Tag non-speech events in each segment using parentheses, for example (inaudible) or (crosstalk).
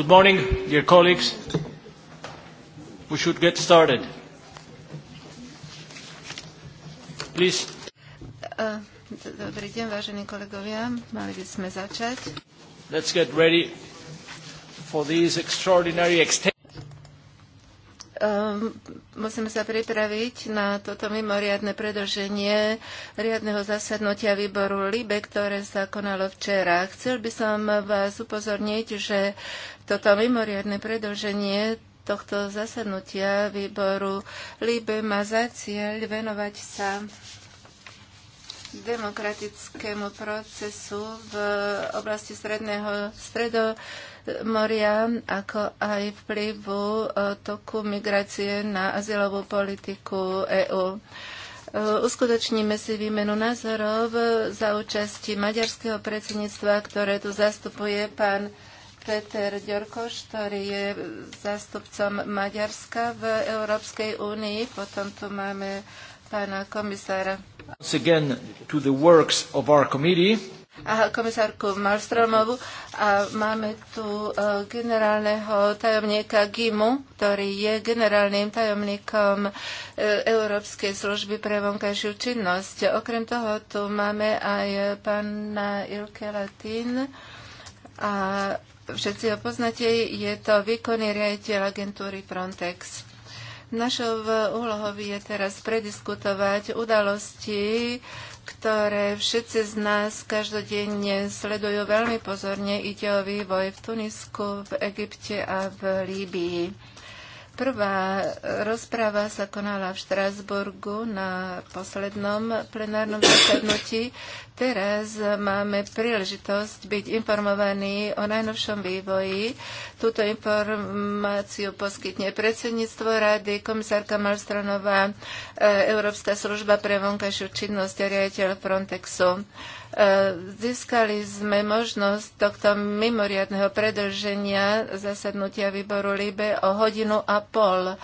Good morning, dear colleagues. We should get started. Please. E, dobrý deň, vážení kolegovia. Mali by sme začať. Let's get ready for these extraordinary extensions. Ehm, musíme sa pripraviť na toto mimoriadne predlženie riadneho zasadnutia výboru LIBE, ktoré sa konalo včera. Chcel by som vás upozorniť, že toto mimoriadne predlženie tohto zasadnutia výboru LIBE má za cieľ venovať sa demokratickému procesu v oblasti stredného stredomoria, ako aj vplyvu e, toku migrácie na azylovú politiku EÚ. E, uskutočníme si výmenu názorov za účasti maďarského predsedníctva, ktoré tu zastupuje pán Peter Ďorkoš, ktorý je zástupcom Maďarska v Európskej únii. Potom tu máme pána komisára a komisárku Malstromovu. A máme tu e, generálneho tajomníka GIMu, ktorý je generálnym tajomníkom e, Európskej služby pre vonkajšiu činnosť. Okrem toho tu máme aj pána Ilke Latín a všetci ho poznáte, je to výkonný riaditeľ agentúry Frontex. Našou úlohou je teraz prediskutovať udalosti, ktoré všetci z nás každodenne sledujú veľmi pozorne. Ide o vývoj v Tunisku, v Egypte a v Líbii. Prvá rozpráva sa konala v Štrásburgu na poslednom plenárnom zasadnutí. Teraz máme príležitosť byť informovaní o najnovšom vývoji. Túto informáciu poskytne predsedníctvo rady, komisárka Malstronová, e, Európska služba pre vonkajšiu činnosť a riaditeľ Frontexu. E, získali sme možnosť tohto mimoriadného predlženia zasadnutia výboru LIBE o hodinu a pol. E,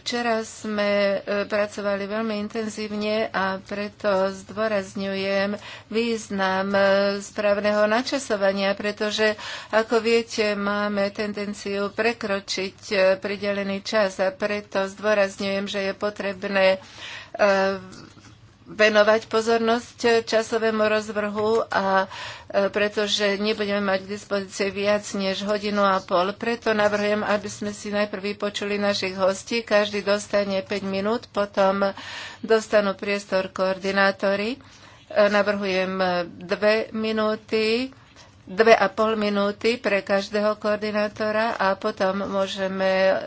včera sme e, pracovali veľmi intenzívne a preto zdôrazňujem význam správneho načasovania, pretože, ako viete, máme tendenciu prekročiť pridelený čas a preto zdôrazňujem, že je potrebné venovať pozornosť časovému rozvrhu a e, pretože nebudeme mať k dispozícii viac než hodinu a pol. Preto navrhujem, aby sme si najprv vypočuli našich hostí. Každý dostane 5 minút, potom dostanú priestor koordinátory. E, navrhujem dve minúty dve a pol minúty pre každého koordinátora a potom môžeme eh,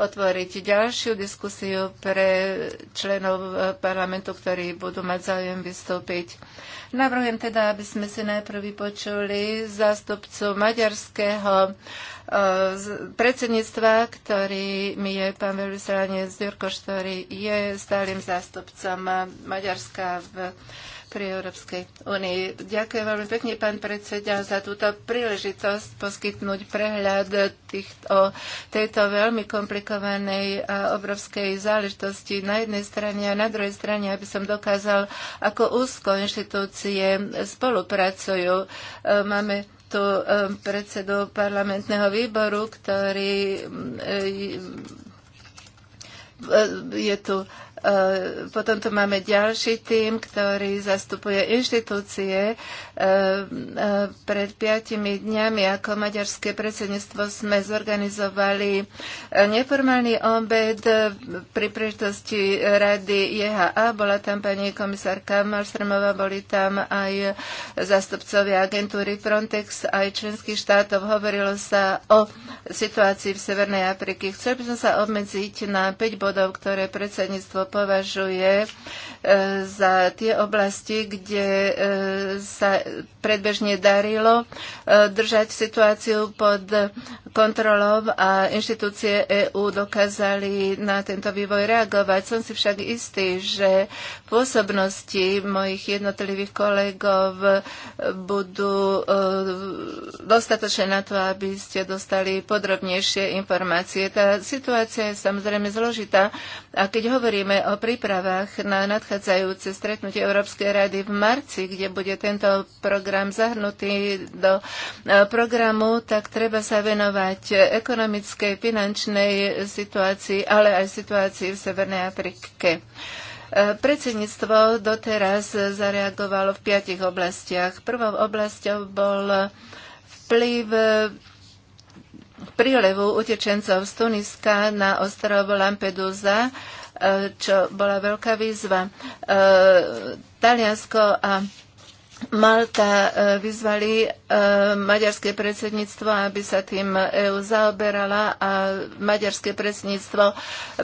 otvoriť ďalšiu diskusiu pre členov eh, parlamentu, ktorí budú mať záujem vystúpiť. Navrhujem teda, aby sme si najprv vypočuli zástupcu maďarského eh, predsedníctva, ktorý mi je pán veľvyslanec Jurkoš, ktorý je stálym zástupcom Maďarska v pri Európskej únii. Ďakujem veľmi pekne, pán predseda, za túto príležitosť poskytnúť prehľad tých, o tejto veľmi komplikovanej a obrovskej záležitosti na jednej strane a na druhej strane, aby som dokázal, ako úzko inštitúcie spolupracujú. E, máme tu e, predsedu parlamentného výboru, ktorý e, je tu Eh, potom tu máme ďalší tým, ktorý zastupuje inštitúcie. Eh, eh, pred piatimi dňami ako maďarské predsedníctvo sme zorganizovali neformálny obed pri príležitosti rady JHA. Bola tam pani komisárka Malstromová, boli tam aj zastupcovia agentúry Frontex, aj členských štátov. Hovorilo sa o situácii v Severnej Afrike. Chcel by som sa obmedziť na 5 bodov, ktoré predsedníctvo považuje e, za tie oblasti, kde e, sa predbežne darilo e, držať situáciu pod kontrolou a inštitúcie EÚ dokázali na tento vývoj reagovať. Som si však istý, že pôsobnosti mojich jednotlivých kolegov budú eh, dostatočné na to, aby ste dostali podrobnejšie informácie. Tá situácia je samozrejme zložitá a keď hovoríme o prípravách na nadchádzajúce stretnutie Európskej rady v marci, kde bude tento program zahrnutý do eh, programu, tak treba sa venovať ekonomickej, finančnej situácii, ale aj situácii v Severnej Afrike. Predsedníctvo doteraz zareagovalo v piatich oblastiach. Prvou oblasťou bol vplyv prílevu utečencov z Tuniska na ostrov Lampedusa, čo bola veľká výzva. E, Taliansko a Malta e, vyzvali e, maďarské predsedníctvo, aby sa tým EU zaoberala a maďarské predsedníctvo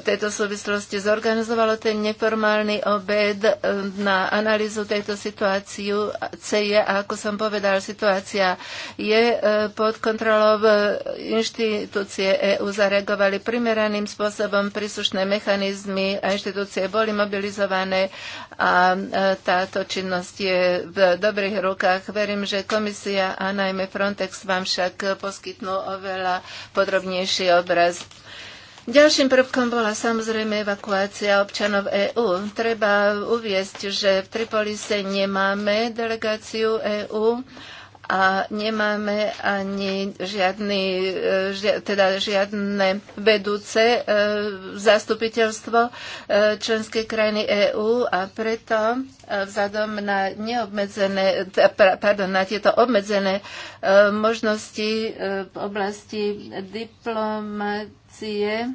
v tejto súvislosti zorganizovalo ten neformálny obed e, na analýzu tejto situácie. a ako som povedal, situácia je pod kontrolou inštitúcie EU zareagovali primeraným spôsobom, príslušné mechanizmy a inštitúcie boli mobilizované a táto činnosť je v dobrých rukách. Verím, že komisia a najmä Frontex vám však poskytnú oveľa podrobnejší obraz. Ďalším prvkom bola samozrejme evakuácia občanov EÚ. Treba uviesť, že v Tripolise nemáme delegáciu EÚ a nemáme ani žiadny, e, žia, teda žiadne vedúce e, zastupiteľstvo e, členskej krajiny EÚ a preto vzhľadom na neobmedzené, pardon, na tieto obmedzené možnosti v oblasti diplomácie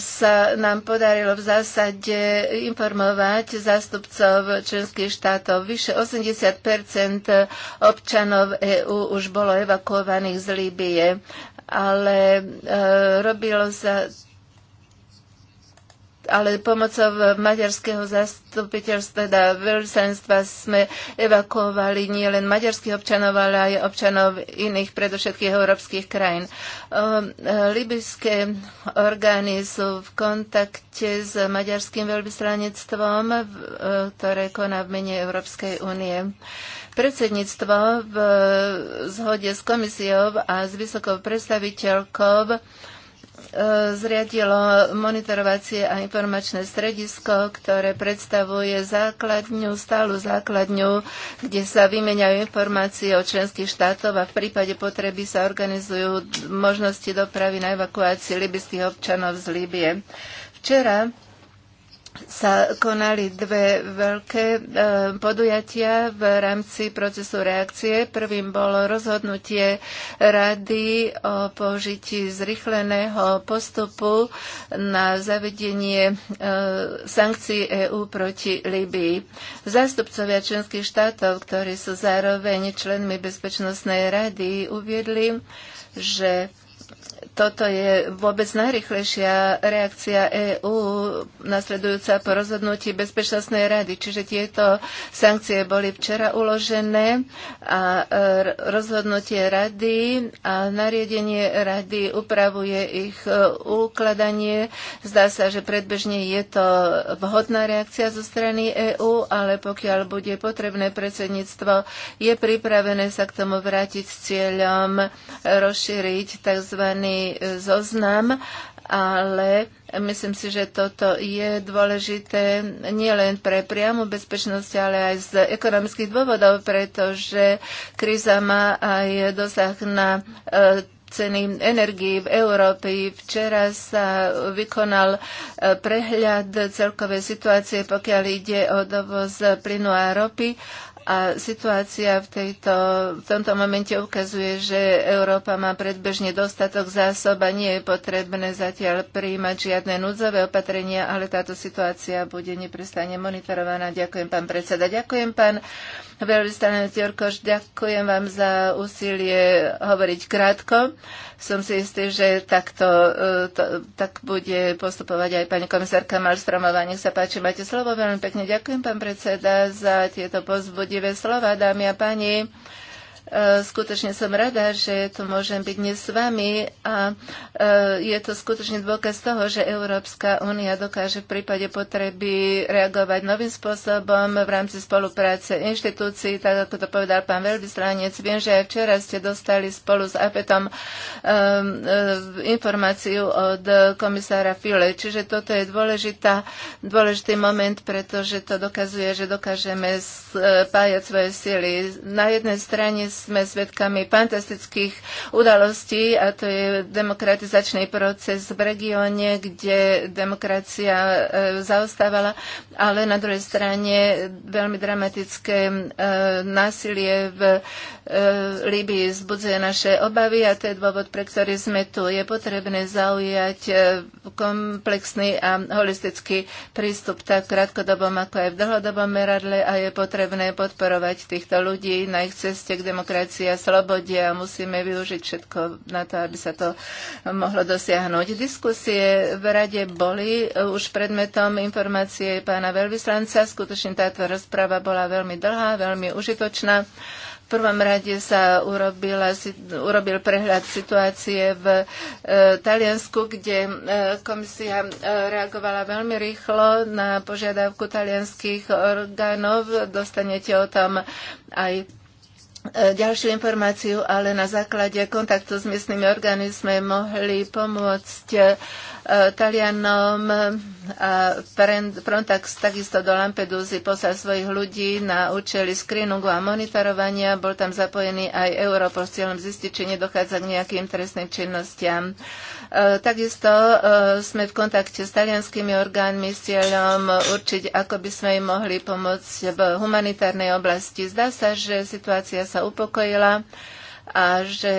sa nám podarilo v zásade informovať zástupcov členských štátov. Vyše 80 občanov EÚ už bolo evakuovaných z Líbie, ale e, robilo sa ale pomocou maďarského zastupiteľstva, teda veľsenstva sme evakuovali nielen maďarských občanov, ale aj občanov iných, predovšetkých európskych krajín. Ehm, libyské orgány sú v kontakte s maďarským veľvyslanectvom, e, ktoré koná v mene Európskej únie predsedníctvo v e, zhode s komisiou a s vysokou predstaviteľkou E, zriadilo monitorovacie a informačné stredisko, ktoré predstavuje základňu, stálu základňu, kde sa vymeniajú informácie o členských štátov a v prípade potreby sa organizujú možnosti dopravy na evakuácii libyských občanov z Líbie. Včera sa konali dve veľké e, podujatia v rámci procesu reakcie. Prvým bolo rozhodnutie rady o použití zrychleného postupu na zavedenie e, sankcií EÚ proti Libii. Zástupcovia členských štátov, ktorí sú zároveň členmi Bezpečnostnej rady, uviedli, že toto je vôbec najrychlejšia reakcia EÚ nasledujúca po rozhodnutí Bezpečnostnej rady. Čiže tieto sankcie boli včera uložené a e, rozhodnutie rady a nariadenie rady upravuje ich e, ukladanie. Zdá sa, že predbežne je to vhodná reakcia zo strany EÚ, ale pokiaľ bude potrebné predsedníctvo, je pripravené sa k tomu vrátiť s cieľom rozšíriť tzv presný e, zoznam, ale myslím si, že toto je dôležité nielen pre priamu bezpečnosť, ale aj z ekonomických dôvodov, pretože kríza má aj dosah na e, ceny energii v Európe. Včera sa vykonal e, prehľad celkovej situácie, pokiaľ ide o dovoz plynu a ropy a situácia v, tejto, v tomto momente ukazuje, že Európa má predbežne dostatok zásob a nie je potrebné zatiaľ prijímať žiadne núdzové opatrenia, ale táto situácia bude neprestane monitorovaná. Ďakujem, pán predseda. Ďakujem, pán Veľvyslanec Jorkoš, ďakujem vám za úsilie hovoriť krátko. Som si istý, že takto e, to, tak bude postupovať aj pani komisárka Malstromová. Nech sa páči, máte slovo. Veľmi pekne ďakujem, pán predseda, za tieto pozbudivé slova, dámy a páni. E, skutočne som rada, že tu môžem byť dnes s vami a e, je to skutočne dôkaz toho, že Európska únia dokáže v prípade potreby reagovať novým spôsobom v rámci spolupráce inštitúcií, tak ako to povedal pán veľvyslanec. Viem, že aj včera ste dostali spolu s APETom e, informáciu od komisára File, čiže toto je dôležitá, dôležitý moment, pretože to dokazuje, že dokážeme spájať svoje sily. Na jednej strane sme svedkami fantastických udalostí a to je demokratizačný proces v regióne, kde demokracia e, zaostávala, ale na druhej strane veľmi dramatické e, násilie v e, Líbii zbudzuje naše obavy a to je dôvod, pre ktorý sme tu. Je potrebné zaujať komplexný a holistický prístup tak v krátkodobom, ako aj v dlhodobom meradle a je potrebné podporovať týchto ľudí na ich ceste k demokracii demokracii a slobode a musíme využiť všetko na to, aby sa to mohlo dosiahnuť. Diskusie v rade boli už predmetom informácie pána veľvyslanca. Skutočne táto rozprava bola veľmi dlhá, veľmi užitočná. V prvom rade sa urobil, urobil prehľad situácie v e, Taliansku, kde e, komisia e, reagovala veľmi rýchlo na požiadavku talianských orgánov. Dostanete o tom aj E, ďalšiu informáciu, ale na základe kontaktu s miestnymi orgány sme mohli pomôcť e, Talianom a frontax takisto do Lampedusy poslal svojich ľudí na účely screeningu a monitorovania. Bol tam zapojený aj Europol s cieľom zistiť, či nedochádza k nejakým trestným činnostiam. Takisto e, sme v kontakte s talianskými orgánmi s cieľom určiť, ako by sme im mohli pomôcť v humanitárnej oblasti. Zdá sa, že situácia sa upokojila a že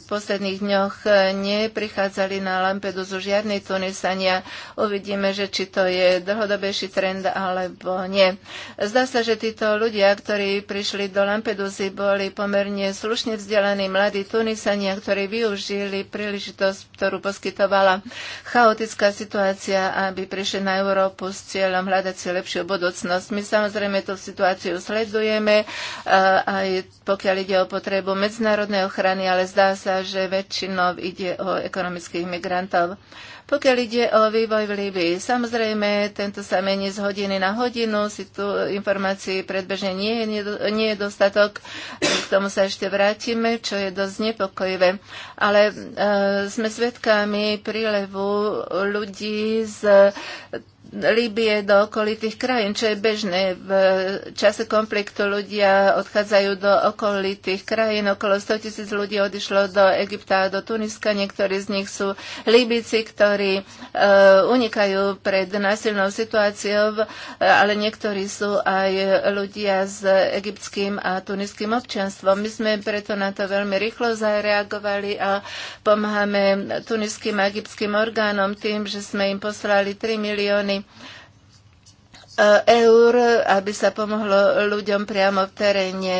v posledných dňoch e, neprichádzali na Lampedusu žiadni Tunisania. Uvidíme, že či to je dlhodobejší trend alebo nie. Zdá sa, že títo ľudia, ktorí prišli do Lampedusy, boli pomerne slušne vzdelaní mladí Tunisania, ktorí využili príležitosť, ktorú poskytovala chaotická situácia, aby prišli na Európu s cieľom hľadať si lepšiu budúcnosť. My samozrejme tú situáciu sledujeme, aj pokiaľ ide o potrebu medzinárodných medzinárodnej ochrany, ale zdá sa, že väčšinou ide o ekonomických migrantov. Pokiaľ ide o vývoj v Líbii, samozrejme, tento sa mení z hodiny na hodinu, si tu informácií predbežne nie je, nie je dostatok, k tomu sa ešte vrátime, čo je dosť nepokojivé. Ale e, sme svedkami prílevu ľudí z Líbie do okolitých krajín, čo je bežné. V čase konfliktu ľudia odchádzajú do okolitých krajín. Okolo 100 tisíc ľudí odišlo do Egypta a do Tuniska. Niektorí z nich sú Líbici, ktorí e, unikajú pred násilnou situáciou, ale niektorí sú aj ľudia s egyptským a tuniským občanstvom. My sme preto na to veľmi rýchlo zareagovali a pomáhame tuniským a egyptským orgánom tým, že sme im poslali 3 milióny eur, aby sa pomohlo ľuďom priamo v teréne.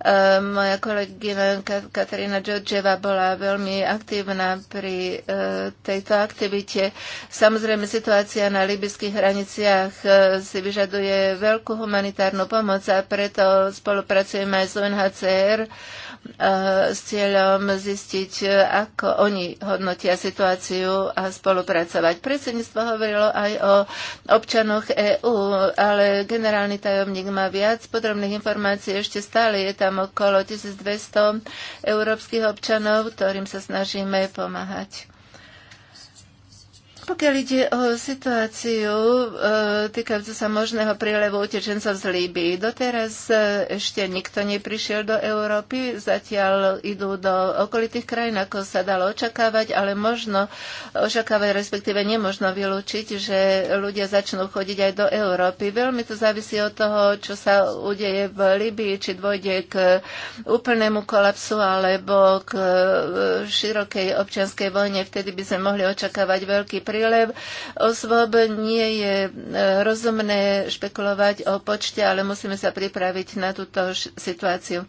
Ehm, moja kolegyna Katarína Džodževa bola veľmi aktívna pri eh, tejto aktivite. Samozrejme, situácia na libyských hraniciach eh, si vyžaduje veľkú humanitárnu pomoc a preto spolupracujeme aj s UNHCR eh, s cieľom zistiť, ako oni hodnotia situáciu a spolupracovať. Predsedníctvo hovorilo aj o občanoch EÚ, ale generálny tajomník má viac podrobných informácií. Ešte stále je tam tam okolo 1200 európskych občanov, ktorým sa snažíme pomáhať. Pokiaľ ide o situáciu e, týkajúcu sa možného prílevu utečencov z Líbii, doteraz e, ešte nikto neprišiel do Európy, zatiaľ idú do okolitých krajín, ako sa dalo očakávať, ale možno očakávať, respektíve nemožno vylúčiť, že ľudia začnú chodiť aj do Európy. Veľmi to závisí od toho, čo sa udeje v Líbii, či dôjde k úplnému kolapsu alebo k e, širokej občianskej vojne. Vtedy by sme mohli očakávať veľký prílev prílev osôb. Nie je e, rozumné špekulovať o počte, ale musíme sa pripraviť na túto situáciu. E,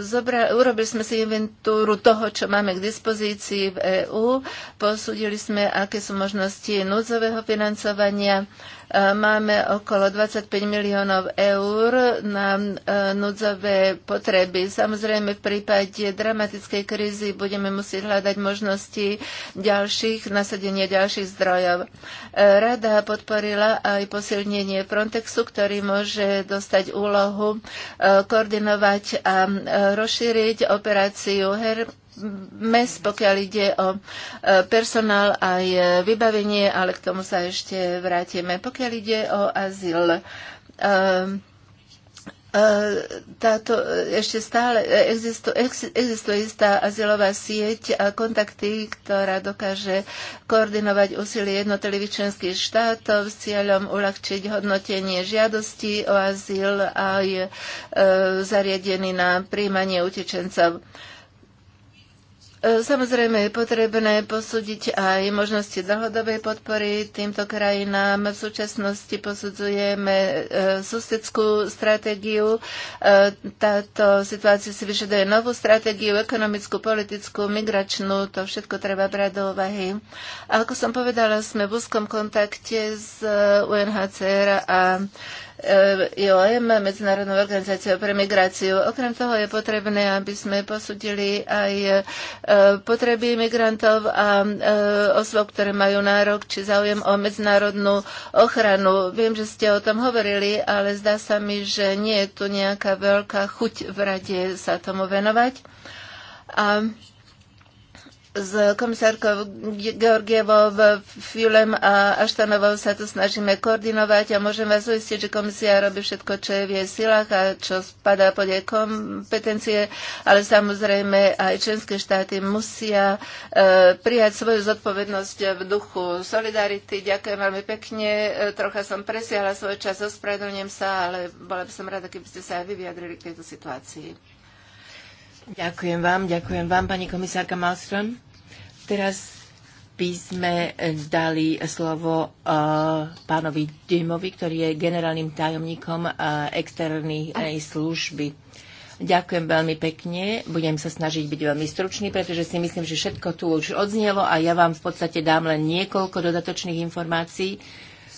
zobra, urobili sme si inventúru toho, čo máme k dispozícii v EÚ. Posúdili sme, aké sú možnosti núdzového financovania Máme okolo 25 miliónov eur na e, núdzové potreby. Samozrejme, v prípade dramatickej krízy budeme musieť hľadať možnosti ďalších, nasadenie ďalších zdrojov. E, Rada podporila aj posilnenie Frontexu, ktorý môže dostať úlohu e, koordinovať a rozšíriť operáciu HER mes, pokiaľ ide o e, personál aj vybavenie, ale k tomu sa ešte vrátime. Pokiaľ ide o azyl, e, e, táto ešte stále existuje, existuje istá azylová sieť a kontakty, ktorá dokáže koordinovať úsilie jednotlivých členských štátov s cieľom uľahčiť hodnotenie žiadosti o azyl aj e, zariadený na príjmanie utečencov. E, Samozrejme je potrebné posúdiť aj možnosti dlhodobej podpory týmto krajinám. V súčasnosti posudzujeme e, susedskú stratégiu. E, táto situácia si vyžaduje novú stratégiu, ekonomickú, politickú, migračnú. To všetko treba brať do úvahy. A ako som povedala, sme v úzkom kontakte s e, UNHCR a E, IOM, Medzinárodnou organizáciou pre migráciu. Okrem toho je potrebné, aby sme posudili aj e, potreby migrantov a e, osôb, ktoré majú nárok či záujem o medzinárodnú ochranu. Viem, že ste o tom hovorili, ale zdá sa mi, že nie je tu nejaká veľká chuť v rade sa tomu venovať. A s komisárkou Georgievou, Fulem a Aštanovou sa tu snažíme koordinovať a môžem vás uistiť, že komisia robí všetko, čo je v jej silách a čo spadá pod jej kompetencie, ale samozrejme aj členské štáty musia e, prijať svoju zodpovednosť v duchu solidarity. Ďakujem veľmi pekne. E, trocha som presiahla svoj čas, ospravedlňujem sa, ale bola by som rada, keby ste sa aj vy vyjadrili k tejto situácii. Ďakujem vám, ďakujem vám, pani komisárka Malström. Teraz by sme eh, dali slovo uh, pánovi Dymovi, ktorý je generálnym tajomníkom uh, externej služby. Ďakujem veľmi pekne. Budem sa snažiť byť veľmi stručný, pretože si myslím, že všetko tu už odznelo a ja vám v podstate dám len niekoľko dodatočných informácií. Uh,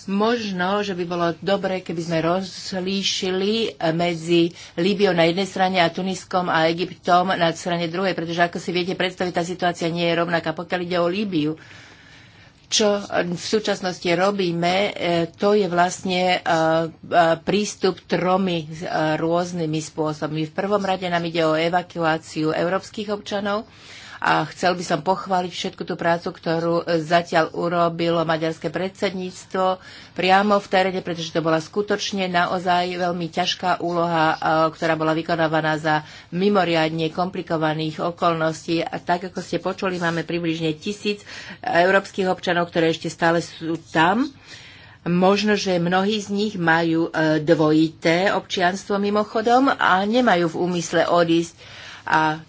Možno, že by bolo dobre, keby sme rozlíšili eh, medzi Líbiou na jednej strane a Tuniskom a Egyptom na strane druhej, pretože ako si viete predstaviť, tá situácia nie je rovnaká, pokiaľ ide o Líbiu čo eh, v súčasnosti robíme, eh, to je vlastne prístup tromi rôznymi spôsobmi. V prvom rade nám ide o evakuáciu európskych občanov, a chcel by som pochváliť všetku tú prácu, ktorú e, zatiaľ urobilo maďarské predsedníctvo priamo v teréne, pretože to bola skutočne naozaj veľmi ťažká úloha, e, ktorá bola vykonávaná za mimoriadne komplikovaných okolností. A tak, ako ste počuli, máme približne tisíc e, európskych občanov, ktoré ešte stále sú tam. Možno, že mnohí z nich majú dvojité občianstvo mimochodom a nemajú v úmysle odísť. A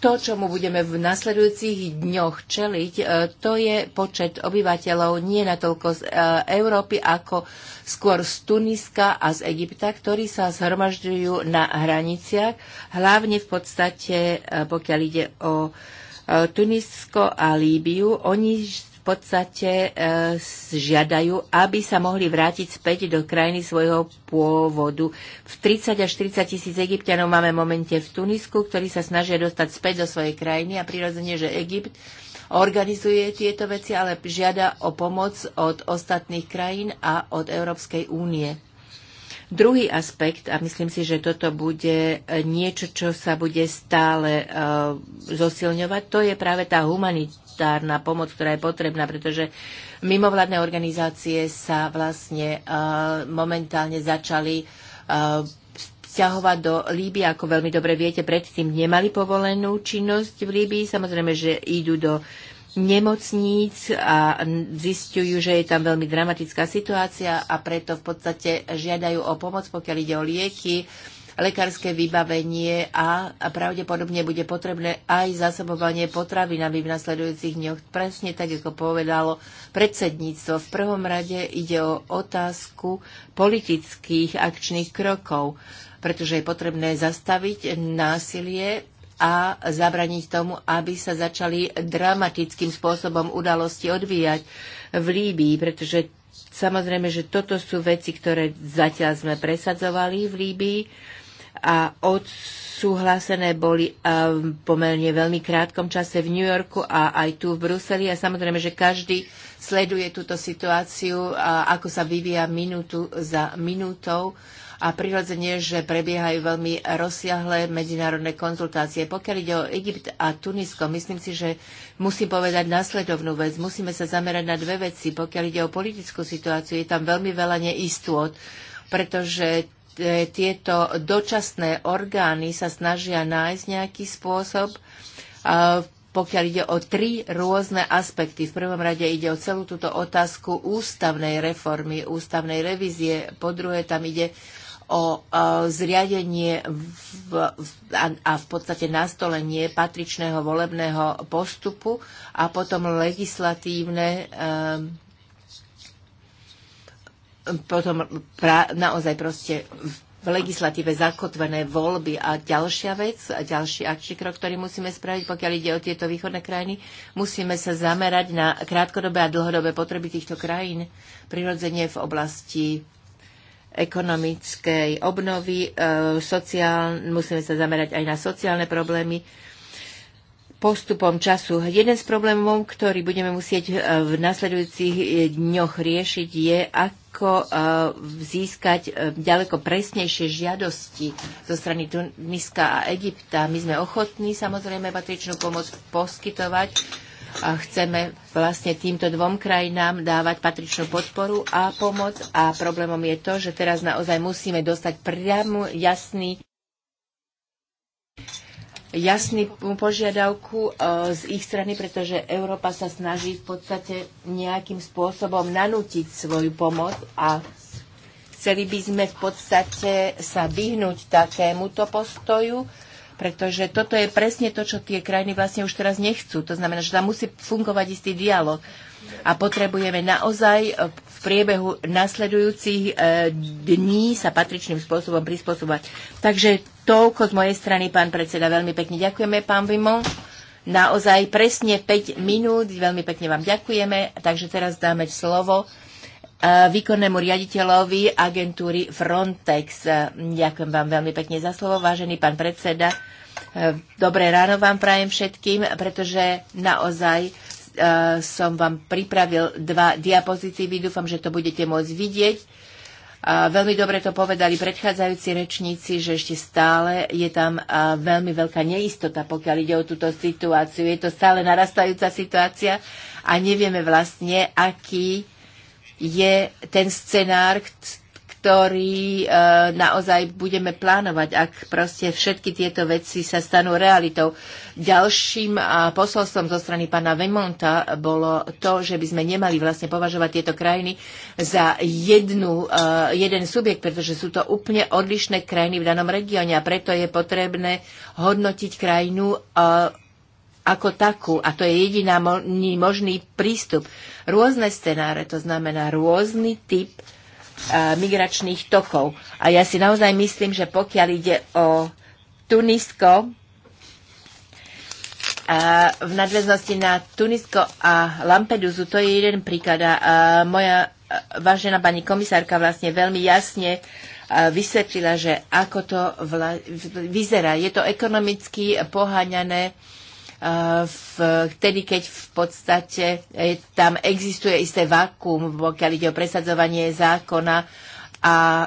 to, čo mu budeme v nasledujúcich dňoch čeliť, e, to je počet obyvateľov nie natoľko z e, Európy, ako skôr z Tuniska a z Egypta, ktorí sa zhromažďujú na hraniciach, hlavne v podstate, e, pokiaľ ide o Tunisko a Líbiu. Oni podstate e, žiadajú, aby sa mohli vrátiť späť do krajiny svojho pôvodu. V 30 až 40 tisíc egyptianov máme momente v Tunisku, ktorí sa snažia dostať späť do svojej krajiny a prirodzene, že Egypt organizuje tieto veci, ale žiada o pomoc od ostatných krajín a od Európskej únie. Druhý aspekt, a myslím si, že toto bude niečo, čo sa bude stále uh, zosilňovať, to je práve tá humanit humanitárna pomoc, ktorá je potrebná, pretože mimovládne organizácie sa vlastne e, momentálne začali vzťahovať e, do líby, ako veľmi dobre viete, predtým nemali povolenú činnosť v Líbii. Samozrejme, že idú do nemocníc a zistujú, že je tam veľmi dramatická situácia a preto v podstate žiadajú o pomoc, pokiaľ ide o lieky, lekárske vybavenie a, a pravdepodobne bude potrebné aj zásobovanie potravinami v nasledujúcich dňoch. Presne tak, ako povedalo predsedníctvo. V prvom rade ide o otázku politických akčných krokov, pretože je potrebné zastaviť násilie a zabraniť tomu, aby sa začali dramatickým spôsobom udalosti odvíjať v Líbii, pretože samozrejme, že toto sú veci, ktoré zatiaľ sme presadzovali v Líbii a odsúhlasené boli um, pomerne veľmi krátkom čase v New Yorku a aj tu v Bruseli. A samozrejme, že každý sleduje túto situáciu, a ako sa vyvíja minútu za minútou a prirodzene, že prebiehajú veľmi rozsiahle medzinárodné konzultácie. Pokiaľ ide o Egypt a Tunisko, myslím si, že musím povedať následovnú vec. Musíme sa zamerať na dve veci. Pokiaľ ide o politickú situáciu, je tam veľmi veľa neistôt, pretože E, tieto dočasné orgány sa snažia nájsť nejaký spôsob, e, pokiaľ ide o tri rôzne aspekty. V prvom rade ide o celú túto otázku ústavnej reformy, ústavnej revízie. Po druhé tam ide o e, zriadenie v, a, a v podstate nastolenie patričného volebného postupu a potom legislatívne um, potom pra, naozaj proste v legislatíve zakotvené voľby. A ďalšia vec, a ďalší akčný krok, ktorý musíme spraviť, pokiaľ ide o tieto východné krajiny, musíme sa zamerať na krátkodobé a dlhodobé potreby týchto krajín, prirodzene v oblasti ekonomickej obnovy, e, sociál, musíme sa zamerať aj na sociálne problémy, postupom času. Jeden z problémov, ktorý budeme musieť e, v nasledujúcich e, dňoch riešiť, je, ako e, získať ďaleko presnejšie žiadosti zo strany Tuniska a Egypta. My sme ochotní samozrejme patričnú pomoc poskytovať a chceme vlastne týmto dvom krajinám dávať patričnú podporu a pomoc a problémom je to, že teraz naozaj musíme dostať priamo jasný jasný požiadavku e, z ich strany, pretože Európa sa snaží v podstate nejakým spôsobom nanútiť svoju pomoc a chceli by sme v podstate sa vyhnúť takémuto postoju, pretože toto je presne to, čo tie krajiny vlastne už teraz nechcú. To znamená, že tam musí fungovať istý dialog. A potrebujeme naozaj v priebehu nasledujúcich e, dní sa patričným spôsobom prispôsobovať. Takže Toľko z mojej strany, pán predseda. Veľmi pekne ďakujeme, pán Vimo. Naozaj presne 5 minút. Veľmi pekne vám ďakujeme. Takže teraz dáme slovo eh, výkonnému riaditeľovi agentúry Frontex. Ďakujem vám veľmi pekne za slovo, vážený pán predseda. Eh, dobré ráno vám prajem všetkým, pretože naozaj eh, som vám pripravil dva diapozitívy. Dúfam, že to budete môcť vidieť. A veľmi dobre to povedali predchádzajúci rečníci, že ešte stále je tam veľmi veľká neistota, pokiaľ ide o túto situáciu. Je to stále narastajúca situácia a nevieme vlastne, aký je ten scenár, ktorý e, naozaj budeme plánovať, ak proste všetky tieto veci sa stanú realitou. Ďalším posolstvom zo strany pána Vemonta bolo to, že by sme nemali vlastne považovať tieto krajiny za jednu, e, jeden subjekt, pretože sú to úplne odlišné krajiny v danom regióne a preto je potrebné hodnotiť krajinu e, ako takú. A to je jediný možný prístup. Rôzne scenáre, to znamená rôzny typ Eh, migračných tokov. A ja si naozaj myslím, že pokiaľ ide o Tunisko, a v nadväznosti na Tunisko a Lampedusu, to je jeden príklad. A moja vážená pani komisárka vlastne veľmi jasne vysvetlila, že ako to vyzerá. Je to ekonomicky poháňané vtedy, keď v podstate e, tam existuje isté vakuum, pokiaľ ide o presadzovanie zákona a e,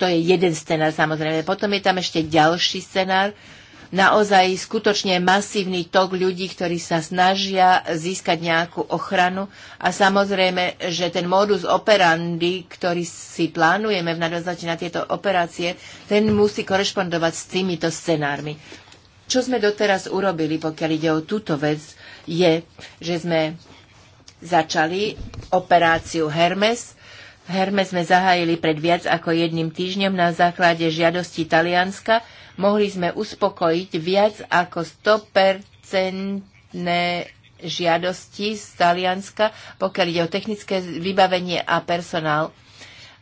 to je jeden scenár samozrejme. Potom je tam ešte ďalší scenár, naozaj skutočne masívny tok ľudí, ktorí sa snažia získať nejakú ochranu. A samozrejme, že ten modus operandi, ktorý si plánujeme v nadväznosti na tieto operácie, ten musí korešpondovať s týmito scenármi. Čo sme doteraz urobili, pokiaľ ide o túto vec, je, že sme začali operáciu Hermes. Hermes sme zahájili pred viac ako jedným týždňom na základe žiadosti Talianska. Mohli sme uspokojiť viac ako 100% žiadosti z Talianska, pokiaľ ide o technické vybavenie a personál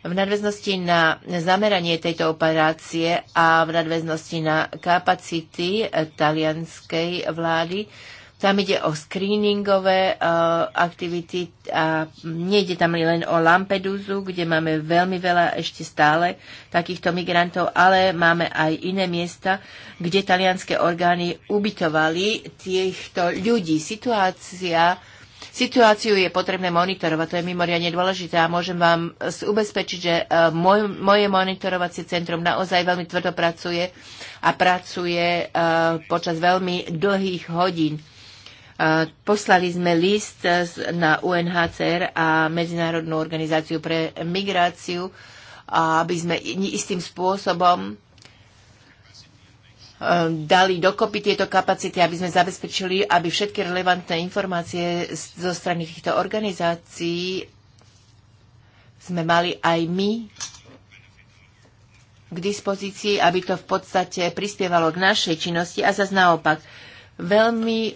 v nadväznosti na zameranie tejto operácie a v nadväznosti na kapacity eh, talianskej vlády, tam ide o screeningové uh, aktivity a nejde tam len o Lampedusu, kde máme veľmi veľa ešte stále takýchto migrantov, ale máme aj iné miesta, kde talianské orgány ubytovali týchto ľudí. Situácia Situáciu je potrebné monitorovať, to je mimoriadne dôležité a môžem vám eh, ubezpečiť, že eh, môj, moje monitorovacie centrum naozaj veľmi tvrdo pracuje a pracuje eh, počas veľmi dlhých hodín. Poslali sme list na UNHCR a Medzinárodnú organizáciu pre migráciu, aby sme istým spôsobom E, dali dokopy tieto kapacity, aby sme zabezpečili, aby všetky relevantné informácie zo strany týchto organizácií sme mali aj my k dispozícii, aby to v podstate prispievalo k našej činnosti a zase naopak. Veľmi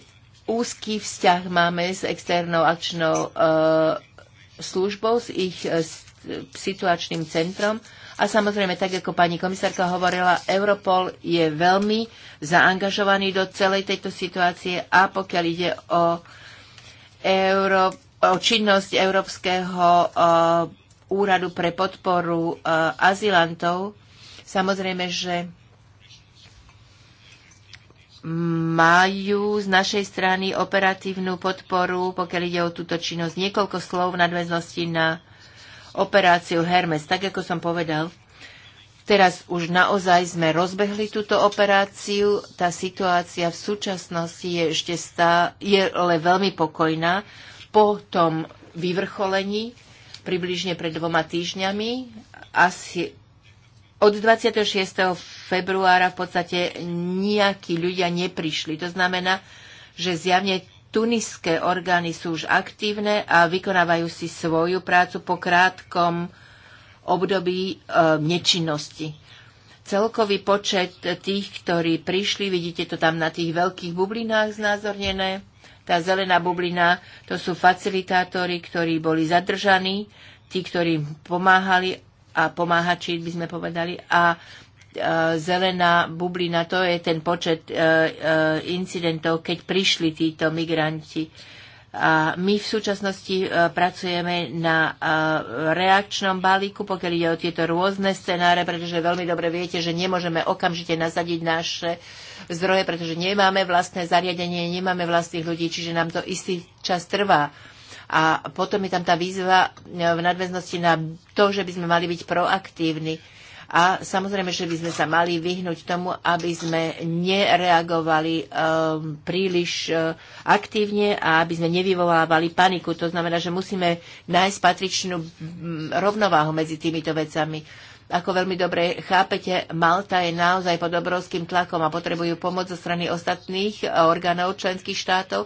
úzky vzťah máme s externou akčnou e, službou, s ich e, situačným centrom. A samozrejme, tak ako pani komisárka hovorila, Europol je veľmi zaangažovaný do celej tejto situácie a pokiaľ ide o, Euró- o činnosť Európskeho o, úradu pre podporu o, azilantov, samozrejme, že majú z našej strany operatívnu podporu, pokiaľ ide o túto činnosť. Niekoľko slov v nadväznosti na operáciu Hermes. Tak ako som povedal, teraz už naozaj sme rozbehli túto operáciu. Tá situácia v súčasnosti je ešte stá, je ale veľmi pokojná. Po tom vyvrcholení približne pred dvoma týždňami asi od 26. februára v podstate nejakí ľudia neprišli. To znamená, že zjavne tuniské orgány sú už aktívne a vykonávajú si svoju prácu po krátkom období e, nečinnosti. Celkový počet tých, ktorí prišli, vidíte to tam na tých veľkých bublinách znázornené. Tá zelená bublina, to sú facilitátori, ktorí boli zadržaní, tí, ktorí pomáhali a pomáhači, by sme povedali, a E, zelená bublina, to je ten počet e, e, incidentov, keď prišli títo migranti. A my v súčasnosti pracujeme na reakčnom balíku, pokiaľ ide o tieto rôzne scenáre, pretože veľmi dobre viete, že nemôžeme okamžite nasadiť naše zdroje, pretože nemáme vlastné zariadenie, nemáme vlastných ľudí, čiže nám to istý čas trvá. A potom je tam tá výzva v nadväznosti na to, že by sme mali byť proaktívni a samozrejme, že by sme sa mali vyhnúť tomu, aby sme nereagovali um, príliš uh, aktívne a aby sme nevyvolávali paniku. To znamená, že musíme nájsť patričnú rovnováhu medzi týmito vecami. Ako veľmi dobre chápete, Malta je naozaj pod obrovským tlakom a potrebujú pomoc zo strany ostatných e, orgánov členských štátov.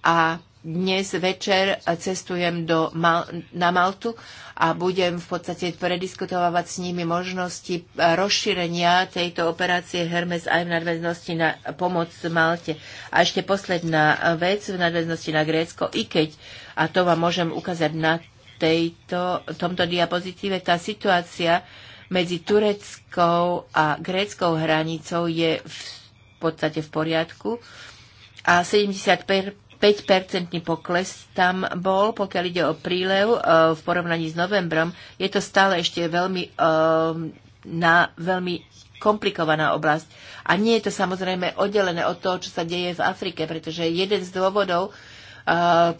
A dnes večer cestujem do Mal- na Maltu a budem v podstate prediskutovať s nimi možnosti rozšírenia tejto operácie Hermes aj v nadväznosti na pomoc Malte. A ešte posledná vec v nadväznosti na Grécko, i keď, a to vám môžem ukázať na tejto, tomto diapozitíve, tá situácia medzi tureckou a gréckou hranicou je v podstate v poriadku a 75 5-percentný pokles tam bol, pokiaľ ide o prílev e, v porovnaní s novembrom. Je to stále ešte veľmi, e, na, veľmi komplikovaná oblasť. A nie je to samozrejme oddelené od toho, čo sa deje v Afrike, pretože jeden z dôvodov, e,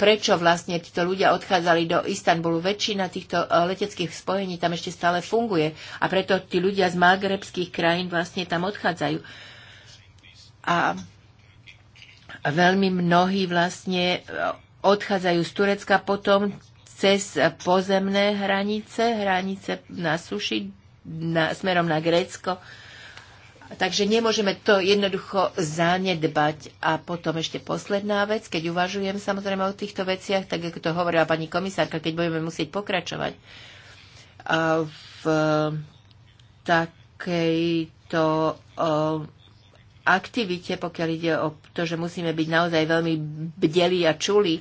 prečo vlastne títo ľudia odchádzali do Istanbulu. Väčšina týchto leteckých spojení tam ešte stále funguje a preto tí ľudia z magrebských krajín vlastne tam odchádzajú. A veľmi mnohí vlastne e, odchádzajú z Turecka potom cez pozemné hranice, hranice na suši, na, smerom na Grécko. Takže nemôžeme to jednoducho zanedbať. A potom ešte posledná vec, keď uvažujem samozrejme o týchto veciach, tak ako to hovorila pani komisárka, keď budeme musieť pokračovať v takejto aktivite, pokiaľ ide o to, že musíme byť naozaj veľmi bdeli a čuli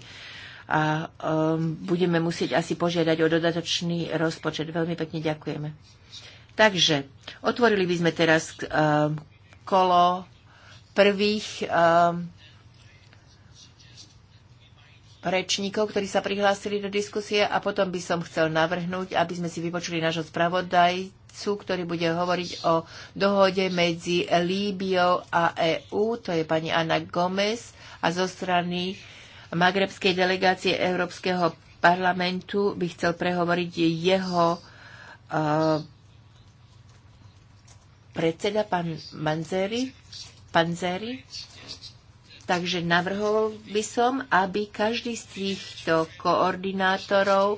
a um, budeme musieť asi požiadať o dodatočný rozpočet. Veľmi pekne ďakujeme. Takže otvorili by sme teraz um, kolo prvých um, rečníkov, ktorí sa prihlásili do diskusie a potom by som chcel navrhnúť, aby sme si vypočuli nášho spravodaj poradcu, ktorý bude hovoriť o dohode medzi Líbiou a EÚ, to je pani Ana Gomez, a zo strany magrebskej delegácie Európskeho parlamentu by chcel prehovoriť jeho uh, predseda, pán Manzeri. Panzeri. Takže navrhol by som, aby každý z týchto koordinátorov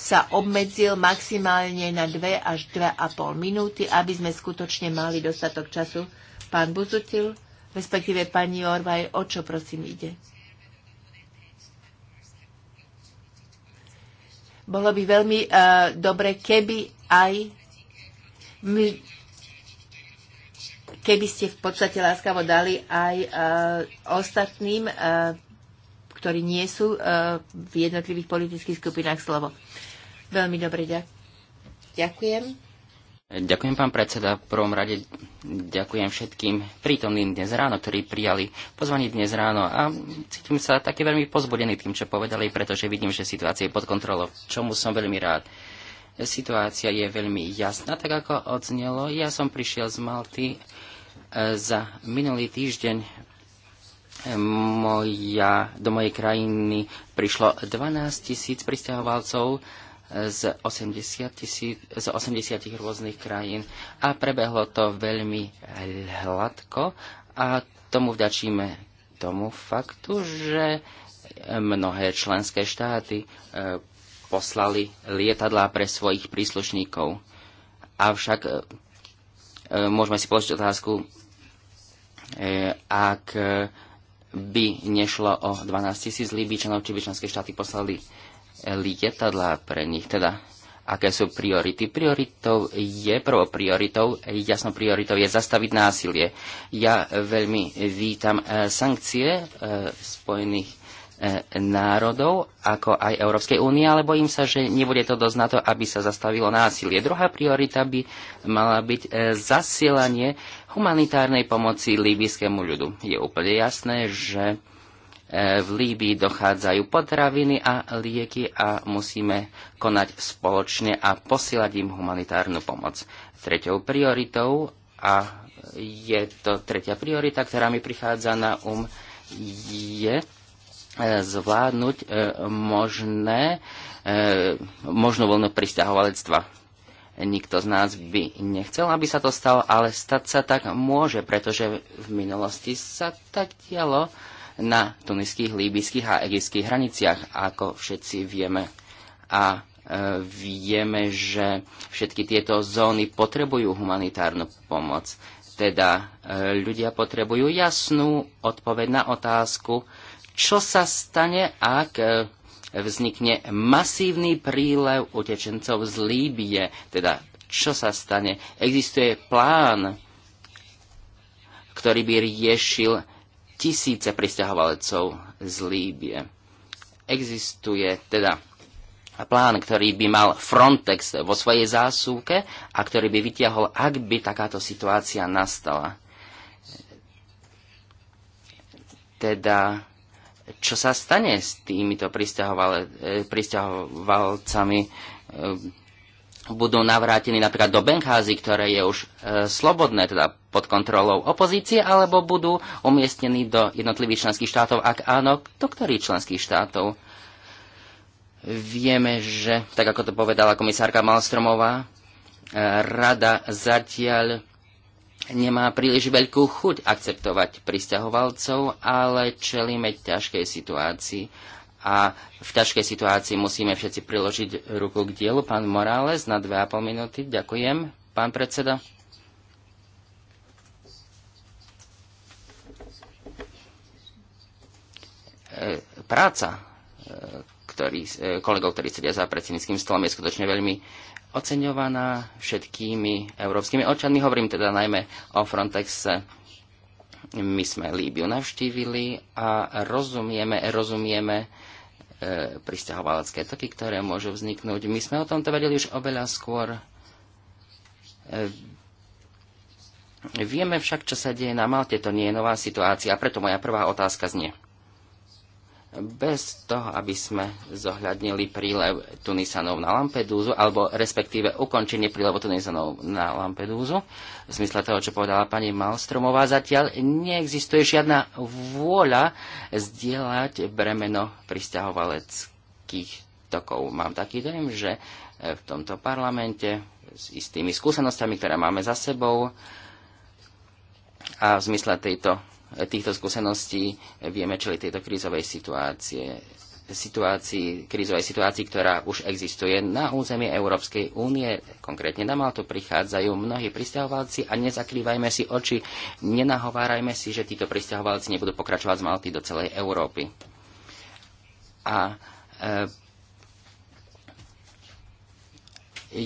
sa obmedzil maximálne na 2 až 2,5 minúty, aby sme skutočne mali dostatok času. Pán Buzutil, respektíve pani Orvaj, o čo prosím ide? Bolo by veľmi uh, dobre, keby aj my, keby ste v podstate láskavo dali aj uh, ostatným, uh, ktorí nie sú uh, v jednotlivých politických skupinách slovo veľmi dobre ďakujem. Ďakujem, pán predseda. V prvom rade ďakujem všetkým prítomným dnes ráno, ktorí prijali pozvanie dnes ráno a cítim sa také veľmi pozbudený tým, čo povedali, pretože vidím, že situácia je pod kontrolou, čomu som veľmi rád. Situácia je veľmi jasná, tak ako odznelo. Ja som prišiel z Malty e, za minulý týždeň e, moja, do mojej krajiny prišlo 12 tisíc pristahovalcov z 80, tisíc, z 80 rôznych krajín a prebehlo to veľmi hladko a tomu vďačíme tomu faktu, že mnohé členské štáty e, poslali lietadlá pre svojich príslušníkov. Avšak e, e, môžeme si položiť otázku, ak by nešlo o 12 tisíc Líbičanov, či by členské štáty poslali lietadlá pre nich, teda aké sú priority. Prioritou je, prvou prioritou, jasnou prioritou je zastaviť násilie. Ja veľmi vítam e, sankcie e, Spojených e, národov, ako aj Európskej únie, ale bojím sa, že nebude to dosť na to, aby sa zastavilo násilie. Druhá priorita by mala byť zasielanie humanitárnej pomoci líbyskému ľudu. Je úplne jasné, že E, v Líbii dochádzajú potraviny a lieky a musíme konať spoločne a posielať im humanitárnu pomoc. Treťou prioritou a je to tretia priorita, ktorá mi prichádza na um, je e, zvládnuť e, možné, možnú voľnú pristahovalectva. Nikto z nás by nechcel, aby sa to stalo, ale stať sa tak môže, pretože v minulosti sa tak dialo. E, na tuniských, líbyských a egyptských hraniciach, ako všetci vieme. A e, vieme, že všetky tieto zóny potrebujú humanitárnu pomoc. Teda e, ľudia potrebujú jasnú odpoveď na otázku, čo sa stane, ak e, vznikne masívny prílev utečencov z Líbie. Teda čo sa stane? Existuje plán, ktorý by riešil tisíce pristahovalcov z Líbie. Existuje teda plán, ktorý by mal Frontex vo svojej zásuvke a ktorý by vytiahol, ak by takáto situácia nastala. Teda, čo sa stane s týmito eh, pristahovalcami? Ehm, budú navrátení napríklad do Bencházy, ktoré je už e, slobodné, teda pod kontrolou opozície, alebo budú umiestnení do jednotlivých členských štátov, ak áno, do ktorých členských štátov? Vieme, že, tak ako to povedala komisárka Malstromová, e, rada zatiaľ nemá príliš veľkú chuť akceptovať pristahovalcov, ale čelíme ťažkej situácii a v ťažkej situácii musíme všetci priložiť ruku k dielu. Pán Morales, na 2,5 minúty. Ďakujem, pán predseda. E, práca e, ktorý, e, kolegov, ktorí sedia za predsedníckým stolom, je skutočne veľmi oceňovaná všetkými európskymi občanmi. Hovorím teda najmä o Frontexe my sme Líbiu navštívili a rozumieme, rozumieme E, pristahovalecké toky, ktoré môžu vzniknúť. My sme o tomto vedeli už oveľa skôr. E, vieme však, čo sa deje na Malte. To nie je nová situácia, preto moja prvá otázka znie bez toho, aby sme zohľadnili prílev Tunisanov na Lampedúzu, alebo respektíve ukončenie prílevu Tunisanov na Lampedúzu. V zmysle toho, čo povedala pani Malstromová, zatiaľ neexistuje žiadna vôľa zdieľať bremeno pristahovaleckých tokov. Mám taký dojem, že eh, v tomto parlamente s istými skúsenostami, ktoré máme za sebou a v zmysle tejto týchto skúseností vieme čeliť tejto krízovej situácie situácii, krízovej situácii, ktorá už existuje na území Európskej únie. Konkrétne na Maltu prichádzajú mnohí pristahovalci a nezakrývajme si oči, nenahovárajme si, že títo pristahovalci nebudú pokračovať z Malty do celej Európy. A e, e,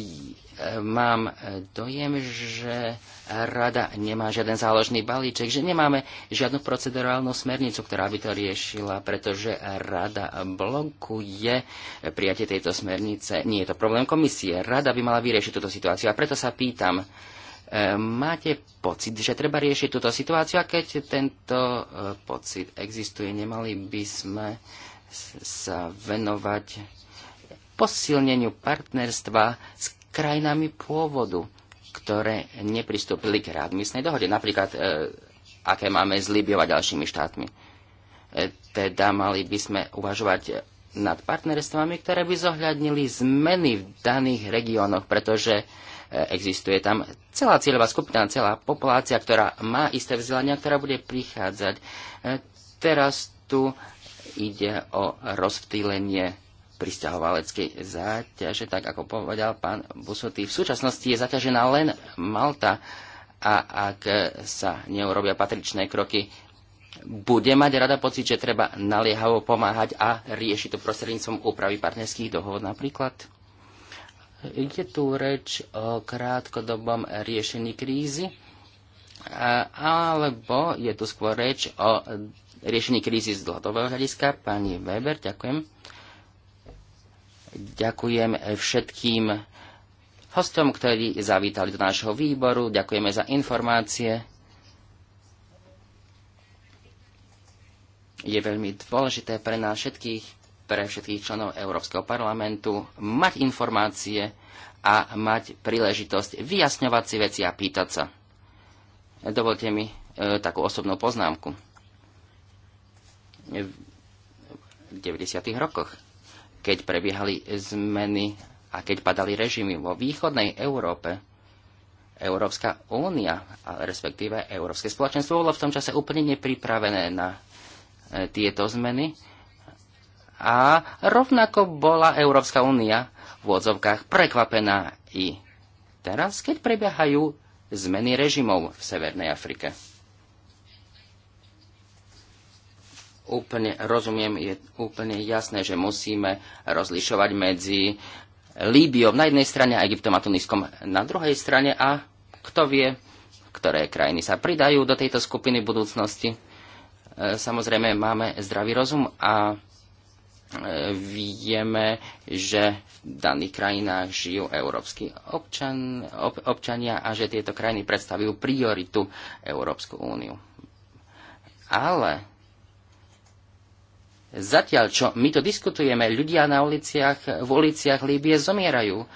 mám dojem, že e, rada nemá žiaden záložný balíček, že nemáme žiadnu procedurálnu smernicu, ktorá by to riešila, pretože rada blokuje prijatie tejto smernice. Nie je to problém komisie. Rada by mala vyriešiť túto situáciu. A preto sa pýtam, e, máte pocit, že treba riešiť túto situáciu a keď tento e, pocit existuje, nemali by sme sa venovať posilneniu partnerstva s krajinami pôvodu ktoré nepristúpili k readmisnej dohode. Napríklad, e, aké máme s Libiou a ďalšími štátmi. E, teda mali by sme uvažovať nad partnerstvami, ktoré by zohľadnili zmeny v daných regiónoch, pretože e, existuje tam celá cieľová skupina, celá populácia, ktorá má isté vzdelania, ktorá bude prichádzať. E, teraz tu ide o rozptýlenie pristahovaleckej záťaže, tak ako povedal pán Busoty, v súčasnosti je zaťažená len Malta a ak sa neurobia patričné kroky, bude mať rada pocit, že treba naliehavo pomáhať a riešiť to prostredníctvom úpravy partnerských dohod napríklad. Je tu reč o krátkodobom riešení krízy, alebo je tu skôr reč o riešení krízy z dlhodobého hľadiska. Pani Weber, ďakujem. Ďakujem všetkým hostom, ktorí zavítali do nášho výboru. Ďakujeme za informácie. Je veľmi dôležité pre nás všetkých, pre všetkých členov Európskeho parlamentu mať informácie a mať príležitosť vyjasňovať si veci a pýtať sa. Dovolte mi e, takú osobnú poznámku. V 90. rokoch keď prebiehali zmeny a keď padali režimy vo východnej Európe, Európska únia, respektíve Európske spoločenstvo, bolo v tom čase úplne nepripravené na e, tieto zmeny. A rovnako bola Európska únia v odzovkách prekvapená i teraz, keď prebiehajú zmeny režimov v Severnej Afrike. úplne rozumiem, je úplne jasné, že musíme rozlišovať medzi Líbiou na jednej strane a Egyptom a Tuniskom na druhej strane a kto vie, ktoré krajiny sa pridajú do tejto skupiny v budúcnosti. E, samozrejme, máme zdravý rozum a e, vieme, že v daných krajinách žijú európsky občan, ob, občania a že tieto krajiny predstavujú prioritu Európsku úniu. Ale Zatiaľ, čo my to diskutujeme, ľudia na uliciach, v uliciach Líbie zomierajú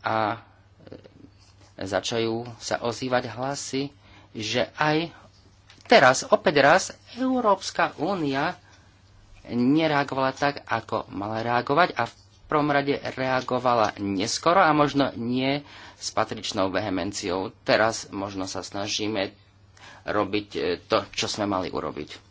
a e, začajú sa ozývať hlasy, že aj teraz, opäť raz, Európska únia nereagovala tak, ako mala reagovať a v prvom rade reagovala neskoro a možno nie s patričnou vehemenciou. Teraz možno sa snažíme robiť e, to, čo sme mali urobiť.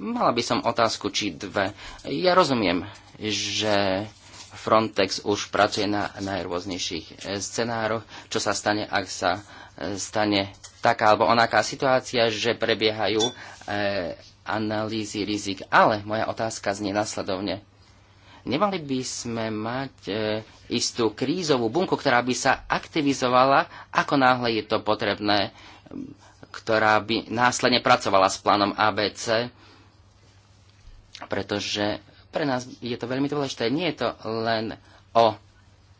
Mala by som otázku či dve. Ja rozumiem, že Frontex už pracuje na najrôznejších e, scenároch, čo sa stane, ak sa e, stane taká alebo onaká situácia, že prebiehajú e, analýzy rizik. Ale moja otázka znie nasledovne. Nemali by sme mať e, istú krízovú bunku, ktorá by sa aktivizovala, ako náhle je to potrebné, ktorá by následne pracovala s plánom ABC, pretože pre nás je to veľmi dôležité. Nie je to len o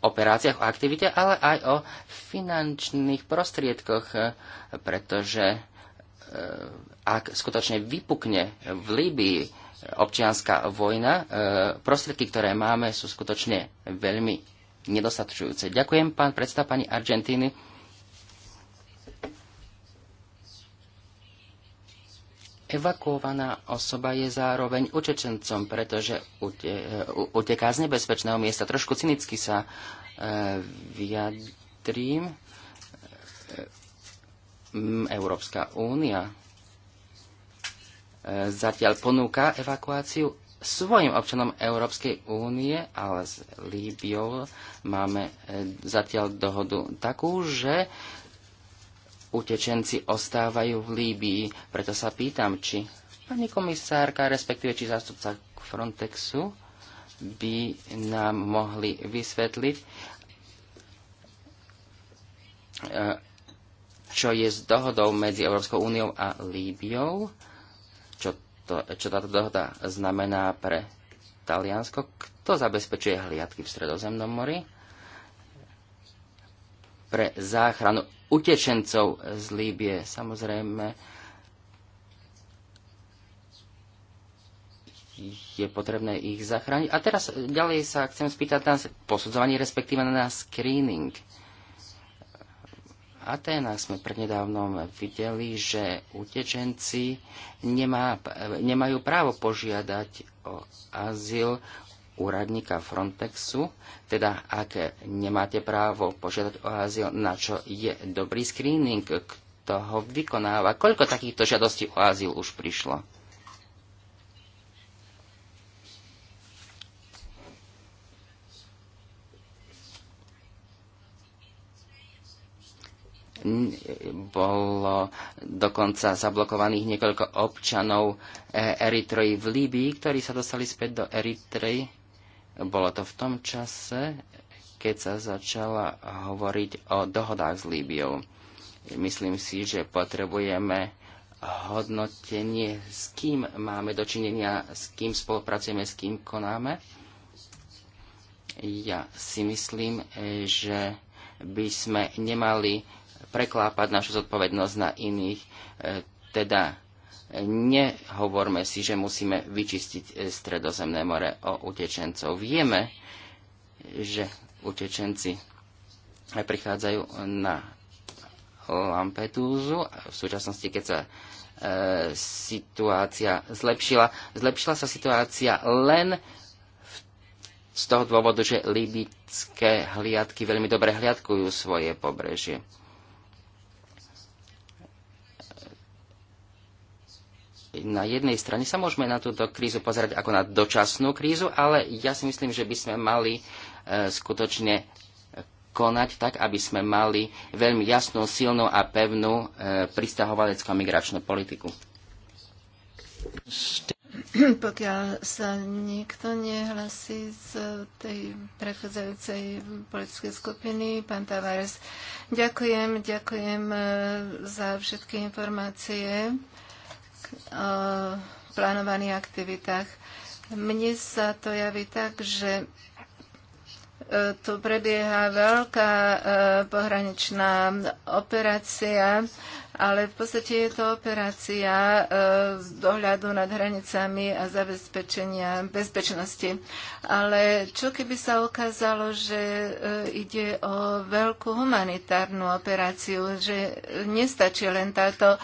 operáciách, o aktivite, ale aj o finančných prostriedkoch, pretože e, ak skutočne vypukne v Líbii občianská vojna, e, prostriedky, ktoré máme, sú skutočne veľmi nedostačujúce. Ďakujem, pán predseda pani Argentíny. evakuovaná osoba je zároveň utečencom, pretože uteká z nebezpečného miesta. Trošku cynicky sa e, vyjadrím. E, Európska únia e, zatiaľ ponúka evakuáciu svojim občanom Európskej únie, ale s Líbiou máme zatiaľ dohodu takú, že utečenci ostávajú v Líbii. Preto sa pýtam, či pani komisárka, respektíve či zástupca Frontexu by nám mohli vysvetliť, eh, čo je s dohodou medzi Európskou úniou a Líbiou, čo, to, čo táto dohoda znamená pre Taliansko, kto zabezpečuje hliadky v Stredozemnom mori pre záchranu utečencov z Líbie. Samozrejme, je potrebné ich zachrániť. A teraz ďalej sa chcem spýtať na posudzovanie, respektíve na screening. A Aténach sme prednedávnom videli, že utečenci nemá, nemajú právo požiadať o azyl úradníka Frontexu, teda ak nemáte právo požiadať o azyl, na čo je dobrý screening, kto ho vykonáva. Koľko takýchto žiadostí o azyl už prišlo? bolo dokonca zablokovaných niekoľko občanov eh, Eritreji v Líbii, ktorí sa dostali späť do Eritreji bolo to v tom čase, keď sa začala hovoriť o dohodách s Líbiou. Myslím si, že potrebujeme hodnotenie, s kým máme dočinenia, s kým spolupracujeme, s kým konáme. Ja si myslím, že by sme nemali preklápať našu zodpovednosť na iných, eh, teda Nehovorme si, že musíme vyčistiť eh, Stredozemné more o utečencov. Vieme, že utečenci eh, prichádzajú na Lampedúzu. V súčasnosti, keď sa e, situácia zlepšila, zlepšila sa situácia len v, z toho dôvodu, že libické hliadky veľmi dobre hliadkujú svoje pobrežie. na jednej strane sa môžeme na túto krízu pozerať ako na dočasnú krízu, ale ja si myslím, že by sme mali e, skutočne konať tak, aby sme mali veľmi jasnú, silnú a pevnú e, pristahovaleckú a migračnú politiku. Pokiaľ sa nikto nehlasí z tej prechádzajúcej politickej skupiny, pán Tavares, ďakujem, ďakujem e, za všetky informácie. Eh, plánovaných aktivitách. Mne sa to javí tak, že eh, tu prebieha veľká eh, pohraničná operácia ale v podstate je to operácia e, z dohľadu nad hranicami a zabezpečenia bezpečnosti. Ale čo keby sa ukázalo, že e, ide o veľkú humanitárnu operáciu, že nestačí len táto e,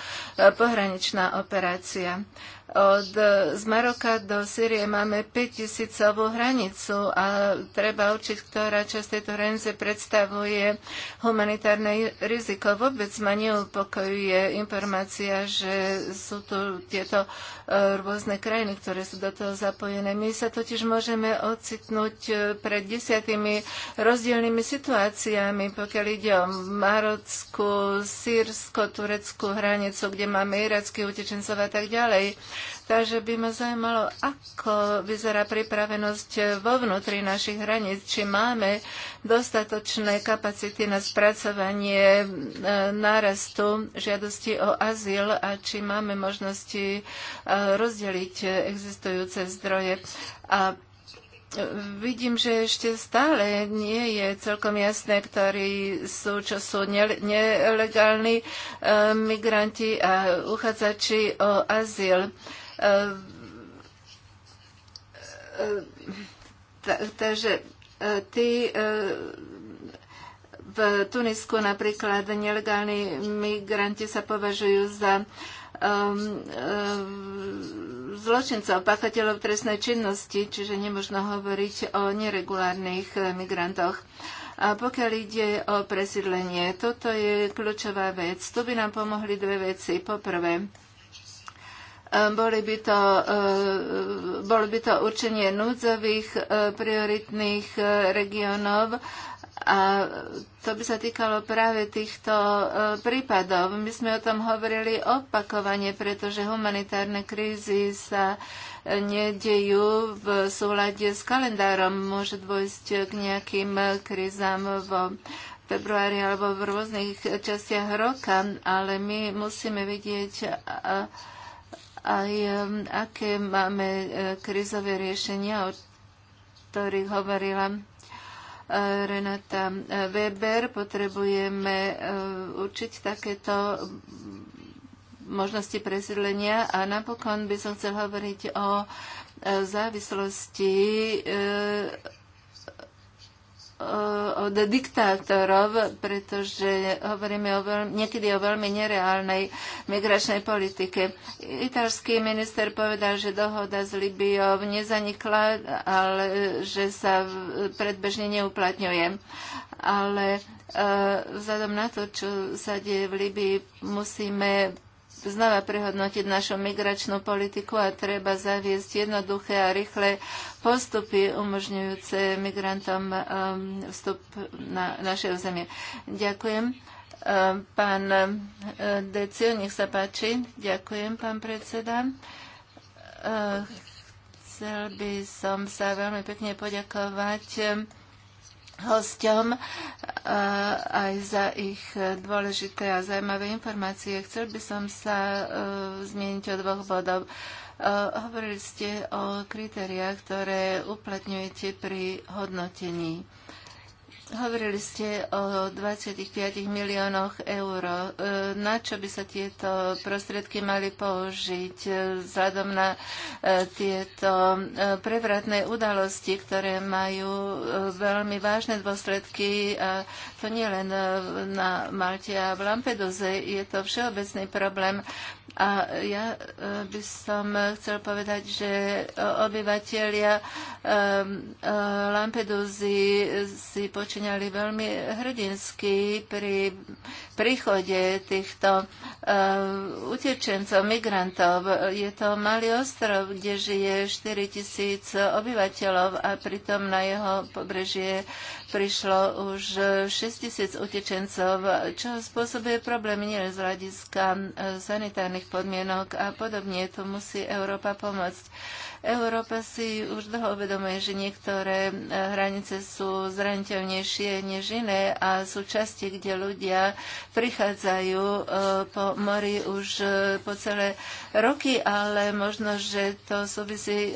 pohraničná operácia. Od, z Maroka do Syrie máme 5000-ovú hranicu a treba určiť, ktorá časť tejto hranice predstavuje humanitárne riziko. Vôbec ma neupokojí je informácia, že sú tu tieto e, rôzne krajiny, ktoré sú do toho zapojené. My sa totiž môžeme ocitnúť e, pred desiatými rozdielnymi situáciami, pokiaľ ide o Marocku, sírsko-tureckú hranicu, kde máme irackých utečencov a tak ďalej. Takže by ma zaujímalo, ako vyzerá pripravenosť vo vnútri našich hraníc, či máme dostatočné kapacity na spracovanie e, nárastu žiadosti o azyl a či máme možnosti e, rozdeliť existujúce zdroje. A Vidím, že ešte stále nie je celkom jasné, ktorí sú, čo sú nelegálni e, migranti a uchádzači o azyl. Takže e, tí e, v Tunisku napríklad nelegálni migranti sa považujú za um, um, zločincov, pachateľov trestnej činnosti, čiže nemožno hovoriť o neregulárnych migrantoch. A pokiaľ ide o presídlenie, toto je kľúčová vec. Tu by nám pomohli dve veci. Poprvé, Ehm, boli by to, ehm, bolo by to určenie núdzových ehm, prioritných regionov a to by sa týkalo práve týchto prípadov. My sme o tom hovorili opakovane, pretože humanitárne krízy sa nedejú v súlade s kalendárom. Môže dôjsť k nejakým krízam vo februári alebo v rôznych častiach roka, ale my musíme vidieť aj aké máme e, krizové riešenia, o ktorých hovorila e, Renata e, Weber. Potrebujeme určiť takéto možnosti presídlenia a napokon by som chcel hovoriť o závislosti od diktátorov, pretože hovoríme o veľmi, niekedy o veľmi nereálnej migračnej politike. Italský minister povedal, že dohoda s Libiou nezanikla, ale že sa predbežne neuplatňuje. Ale e, vzhľadom na to, čo sa deje v Libii, musíme znova prehodnotiť našu migračnú politiku a treba zaviesť jednoduché a rýchle postupy umožňujúce migrantom um, vstup na naše územie. Ďakujem. Um, pán um, Decio, nech sa páči. Ďakujem, pán predseda. Uh, chcel by som sa veľmi pekne poďakovať hosťom aj za ich dôležité a zaujímavé informácie. Chcel by som sa e, zmieniť o dvoch bodov. E, hovorili ste o kritériách, ktoré uplatňujete pri hodnotení Hovorili ste o 25 miliónoch eur. E, na čo by sa tieto prostriedky mali použiť e, vzhľadom na e, tieto prevratné udalosti, ktoré majú veľmi vážne dôsledky a to nie len na Malte a v Lampeduze. Je to všeobecný problém a ja eh, by som chcel povedať, že eh, obyvateľia ehm, eh, Lampedusy si počínali veľmi hrdinsky pri príchode týchto utečencov, migrantov. Je to malý ostrov, kde žije 4 tisíc obyvateľov a pritom na jeho pobreží je prišlo už 6 tisíc utečencov, čo spôsobuje problémy nie z hľadiska eh, sanitárnych podmienok a podobne. Tu musí Európa pomôcť. Európa si už dlho uvedomuje, že niektoré e, hranice sú zraniteľnejšie než iné a sú časti, kde ľudia prichádzajú e, po mori už e, po celé roky, ale možno, že to súvisí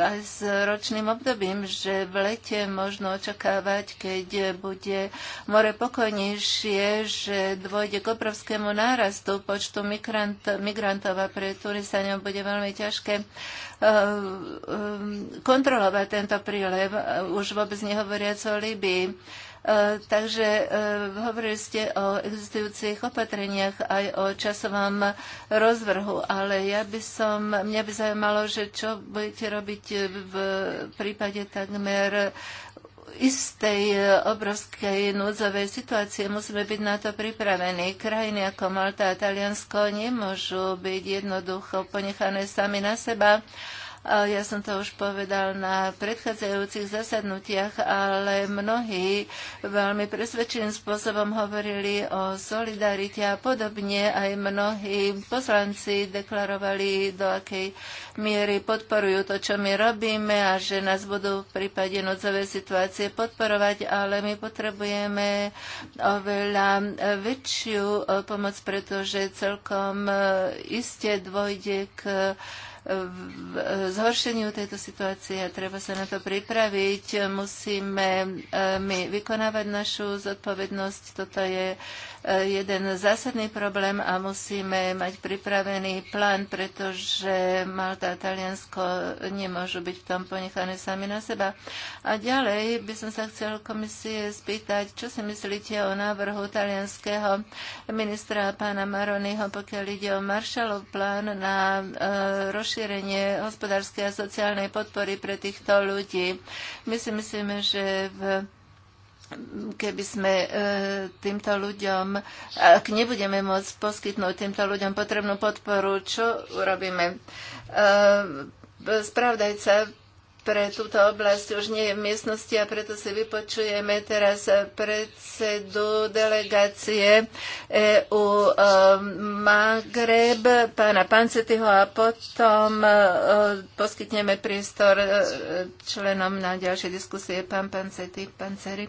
aj s ročným obdobím, že v lete možno očakávať, keď bude more pokojnejšie, že dôjde k obrovskému nárastu počtu migrant, migrantov a pre turistov bude veľmi ťažké Eh, kontrolovať tento prílev, eh, už vôbec nehovoriac o Libii. Eh, takže hovorili ste o existujúcich opatreniach aj o časovom rozvrhu, ale ja by som, mňa by zaujímalo, že čo budete robiť v prípade takmer istej e, obrovskej núdzovej situácie musíme byť na to pripravení. Krajiny ako Malta a Taliansko nemôžu byť jednoducho ponechané sami na seba ja som to už povedal na predchádzajúcich zasadnutiach, ale mnohí veľmi presvedčeným spôsobom hovorili o solidarite a podobne. Aj mnohí poslanci deklarovali, do akej miery podporujú to, čo my robíme a že nás budú v prípade nocovej situácie podporovať, ale my potrebujeme oveľa väčšiu eh, pomoc, pretože celkom eh, iste dôjde k zhoršeniu tejto situácie a treba sa na to pripraviť. Musíme e, my vykonávať našu zodpovednosť. Toto je Eh, jeden zásadný problém a musíme mať pripravený plán, pretože Malta a Taliansko nemôžu byť v tom ponechané sami na seba. A ďalej by som sa chcel komisie spýtať, čo si myslíte o návrhu talianského ministra pána Maroniho, pokiaľ ide o Marshallov plán na e, rozšírenie hospodárskej a sociálnej podpory pre týchto ľudí. My si myslíme, že v keby sme e, týmto ľuďom, ak nebudeme môcť poskytnúť týmto ľuďom potrebnú podporu, čo urobíme? E, Spravdajca pre túto oblasť už nie je v miestnosti a preto si vypočujeme teraz predsedu delegácie EU e, Magreb, pána Pancetyho a potom poskytneme priestor členom na ďalšie diskusie. Pán Pancety, Panceri.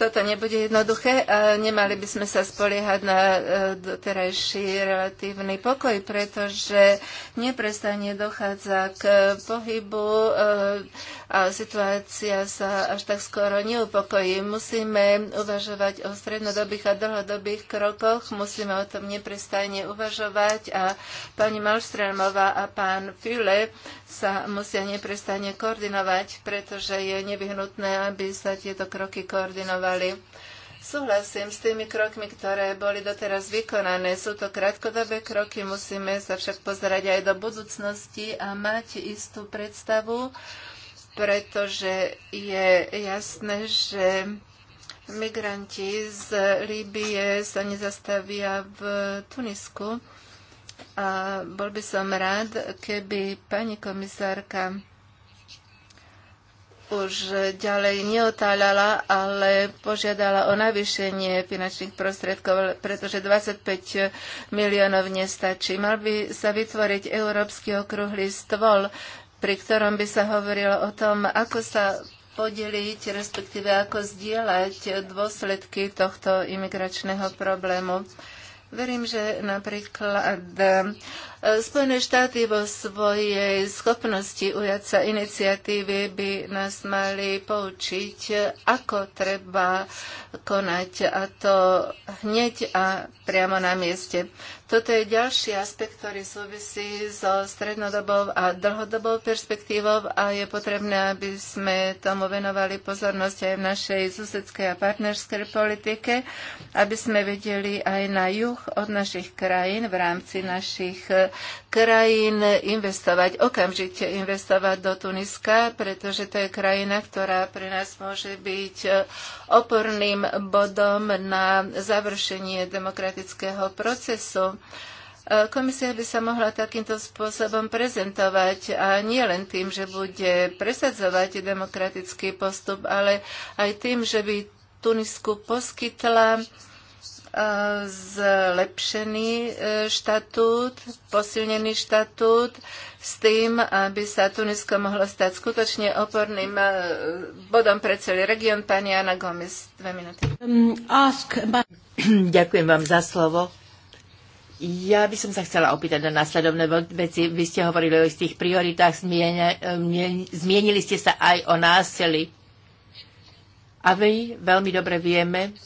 toto nebude jednoduché a nemali by sme sa spoliehať na e, doterajší relatívny pokoj, pretože neprestane dochádza k pohybu e, a situácia sa až tak skoro neupokojí. Musíme uvažovať o strednodobých a dlhodobých krokoch, musíme o tom neprestane uvažovať a pani Malstrelmová a pán File sa musia neprestane koordinovať, pretože je nevyhnutné, aby sa tieto kroky koordinovali pracovali. Súhlasím s tými krokmi, ktoré boli doteraz vykonané. Sú to krátkodobé kroky, musíme sa však pozerať aj do budúcnosti a mať istú predstavu, pretože je jasné, že migranti z Líbie sa nezastavia v Tunisku. A bol by som rád, keby pani komisárka už ďalej neotáľala, ale požiadala o navýšenie finančných prostriedkov, pretože 25 miliónov nestačí. Mal by sa vytvoriť Európsky okrúhly stôl, pri ktorom by sa hovorilo o tom, ako sa podeliť, respektíve ako zdieľať dôsledky tohto imigračného problému. Verím, že napríklad Spojené štáty vo svojej schopnosti ujať sa iniciatívy by nás mali poučiť, ako treba konať a to hneď a priamo na mieste. Toto je ďalší aspekt, ktorý súvisí so strednodobou a dlhodobou perspektívou a je potrebné, aby sme tomu venovali pozornosť aj v našej susedskej a partnerskej politike, aby sme vedeli aj na juh od našich krajín v rámci našich krajín investovať, okamžite investovať do Tuniska, pretože to je krajina, ktorá pre nás môže byť e, oporným bodom na završenie demokratického procesu. E, komisia by sa mohla takýmto spôsobom prezentovať a nie len tým, že bude presadzovať demokratický postup, ale aj tým, že by Tunisku poskytla E, zlepšený e, štatút, posilnený štatút s tým, aby sa Tunisko mohlo stať skutočne oporným e, bodom pre celý region. Pani Ana Gomez, dve minúty. Um, (clears throat) Ďakujem vám za slovo. Ja by som sa chcela opýtať na následovné veci. Vy ste hovorili o istých prioritách, zmienili ste sa aj o násilí. A my veľmi dobre vieme,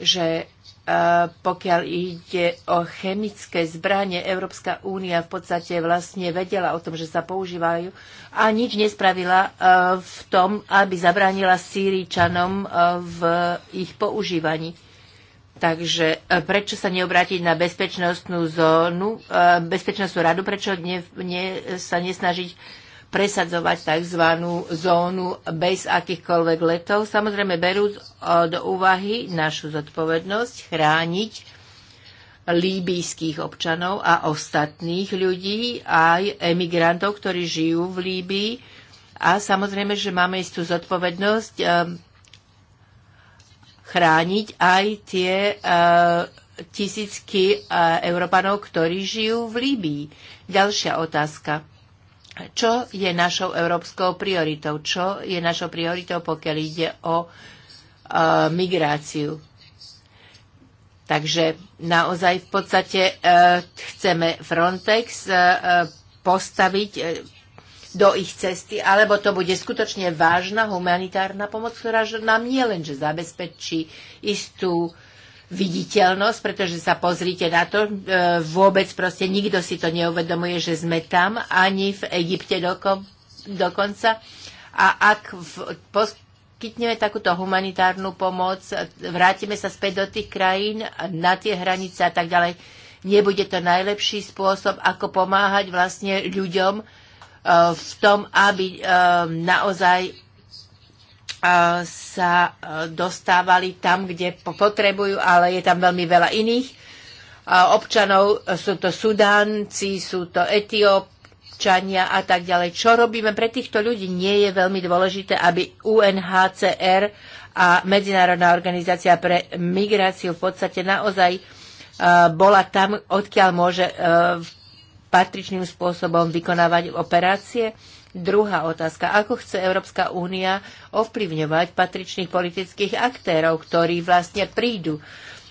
že e, pokiaľ ide o chemické zbranie, Európska únia v podstate vlastne vedela o tom, že sa používajú a nič nespravila e, v tom, aby zabránila Sýričanom e, v ich používaní. Takže prečo sa neobrátiť na bezpečnostnú zónu, bezpečnostnú radu, prečo ne, ne, sa nesnažiť presadzovať tzv. zónu bez akýchkoľvek letov. Samozrejme berú do úvahy našu zodpovednosť chrániť líbyjských občanov a ostatných ľudí, aj emigrantov, ktorí žijú v Líbii. A samozrejme, že máme istú zodpovednosť e, chrániť aj tie e, tisícky e, Európanov, ktorí žijú v Líbii. Ďalšia otázka čo je našou európskou prioritou, čo je našou prioritou, pokiaľ ide o uh, migráciu. Takže naozaj v podstate uh, chceme Frontex uh, postaviť uh, do ich cesty, alebo to bude skutočne vážna humanitárna pomoc, ktorá nám nie len, že zabezpečí istú viditeľnosť, pretože sa pozrite na to, e, vôbec proste nikto si to neuvedomuje, že sme tam, ani v Egypte doko, dokonca. A ak v, poskytneme takúto humanitárnu pomoc, vrátime sa späť do tých krajín, na tie hranice a tak ďalej, nebude to najlepší spôsob, ako pomáhať vlastne ľuďom e, v tom, aby e, naozaj sa dostávali tam, kde potrebujú, ale je tam veľmi veľa iných občanov. Sú to Sudánci, sú to Etiópčania a tak ďalej. Čo robíme pre týchto ľudí? Nie je veľmi dôležité, aby UNHCR a Medzinárodná organizácia pre migráciu v podstate naozaj bola tam, odkiaľ môže patričným spôsobom vykonávať operácie Druhá otázka. Ako chce Európska únia ovplyvňovať patričných politických aktérov, ktorí vlastne prídu?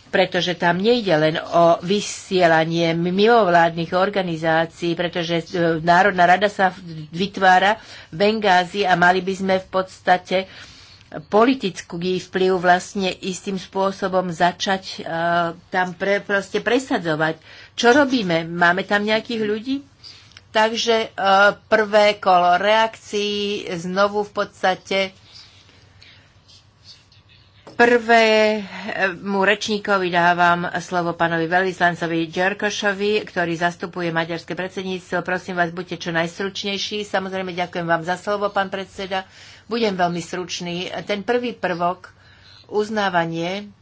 pretože tam nejde len o vysielanie mimovládnych organizácií, pretože e, Národná rada sa vytvára v Bengázi a mali by sme v podstate politický vplyv vlastne istým spôsobom začať uh, tam pre, proste presadzovať. Čo robíme? Máme tam nejakých ľudí? Takže e, prvé kolo reakcií, znovu v podstate prvému rečníkovi dávam slovo pánovi veľvyslancovi Džerkošovi, ktorý zastupuje maďarské predsedníctvo. Prosím vás, buďte čo najstručnejší. Samozrejme, ďakujem vám za slovo, pán predseda. Budem veľmi stručný. Ten prvý prvok, uznávanie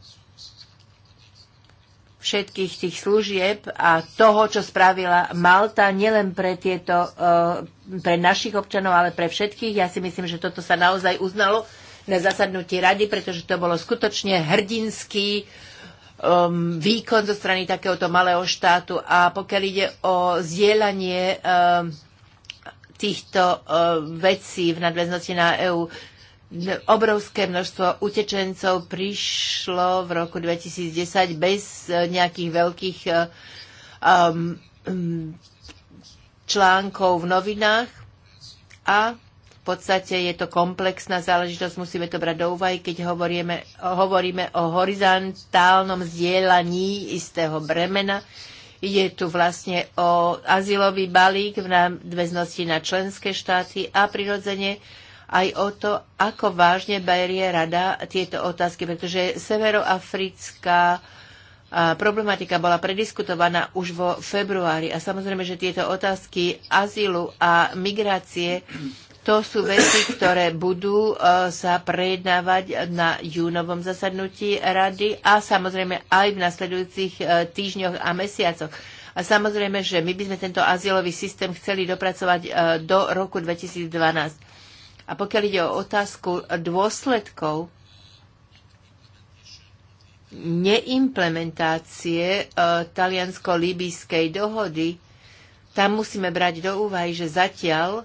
všetkých tých služieb a toho, čo spravila Malta, nielen pre tieto, eh, pre našich občanov, ale pre všetkých. Ja si myslím, že toto sa naozaj uznalo na zasadnutí rady, pretože to bolo skutočne hrdinský um, výkon zo strany takéhoto malého štátu. A pokiaľ ide o zdieľanie um, týchto um, vecí v nadväznosti na EÚ, obrovské množstvo utečencov prišlo v roku 2010 bez e, nejakých veľkých e, um, mm, článkov v novinách a v podstate je to komplexná záležitosť, musíme to brať do úvahy, keď hovoríme, hovoríme o horizontálnom zdieľaní istého bremena. Je tu vlastne o azylový balík v väznosti na členské štáty a prirodzene aj o to, ako vážne berie rada tieto otázky, pretože severoafrická problematika bola prediskutovaná už vo februári a samozrejme, že tieto otázky azylu a migrácie to sú veci, ktoré budú e, sa prejednávať na júnovom zasadnutí rady a samozrejme aj v nasledujúcich e, týždňoch a mesiacoch. A samozrejme, že my by sme tento azylový systém chceli dopracovať e, do roku 2012. A pokiaľ ide o otázku dôsledkov neimplementácie e, taliansko-libijskej dohody, tam musíme brať do úvahy, že zatiaľ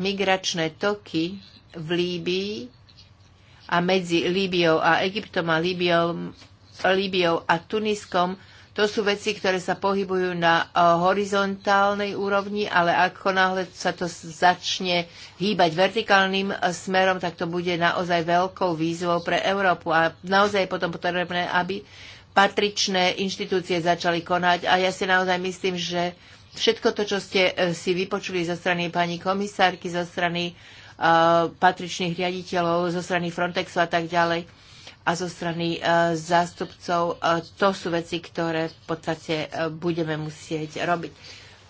migračné toky v Líbii a medzi Líbiou a Egyptom a Líbiou, Líbiou a Tuniskom to sú veci, ktoré sa pohybujú na eh, horizontálnej úrovni, ale ako náhle sa to začne hýbať vertikálnym eh, smerom, tak to bude naozaj veľkou výzvou pre Európu. A naozaj je potom potrebné, aby patričné inštitúcie začali konať. A ja si naozaj myslím, že všetko to, čo ste eh, si vypočuli zo strany pani komisárky, zo strany patričných riaditeľov, zo strany Frontexu a tak ďalej, a zo strany e, zástupcov. E, to sú veci, ktoré v podstate e, budeme musieť robiť.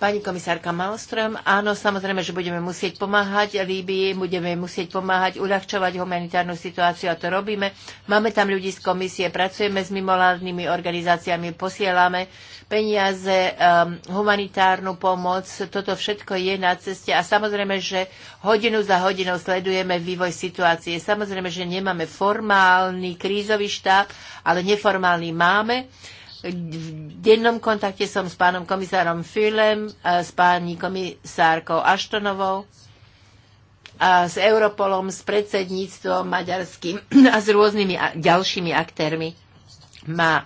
Pani komisárka Malström, áno, samozrejme, že budeme musieť pomáhať Líbii, budeme musieť pomáhať uľahčovať humanitárnu situáciu a to robíme. Máme tam ľudí z komisie, pracujeme s mimovládnymi organizáciami, posielame peniaze, um, humanitárnu pomoc, toto všetko je na ceste a samozrejme, že hodinu za hodinou sledujeme vývoj situácie. Samozrejme, že nemáme formálny krízový štáb, ale neformálny máme. V dennom kontakte som s pánom komisárom Fülem, s pani komisárkou Aštonovou, a s Europolom, s predsedníctvom maďarským (clears throat) a s rôznymi ďalšími aktérmi. Má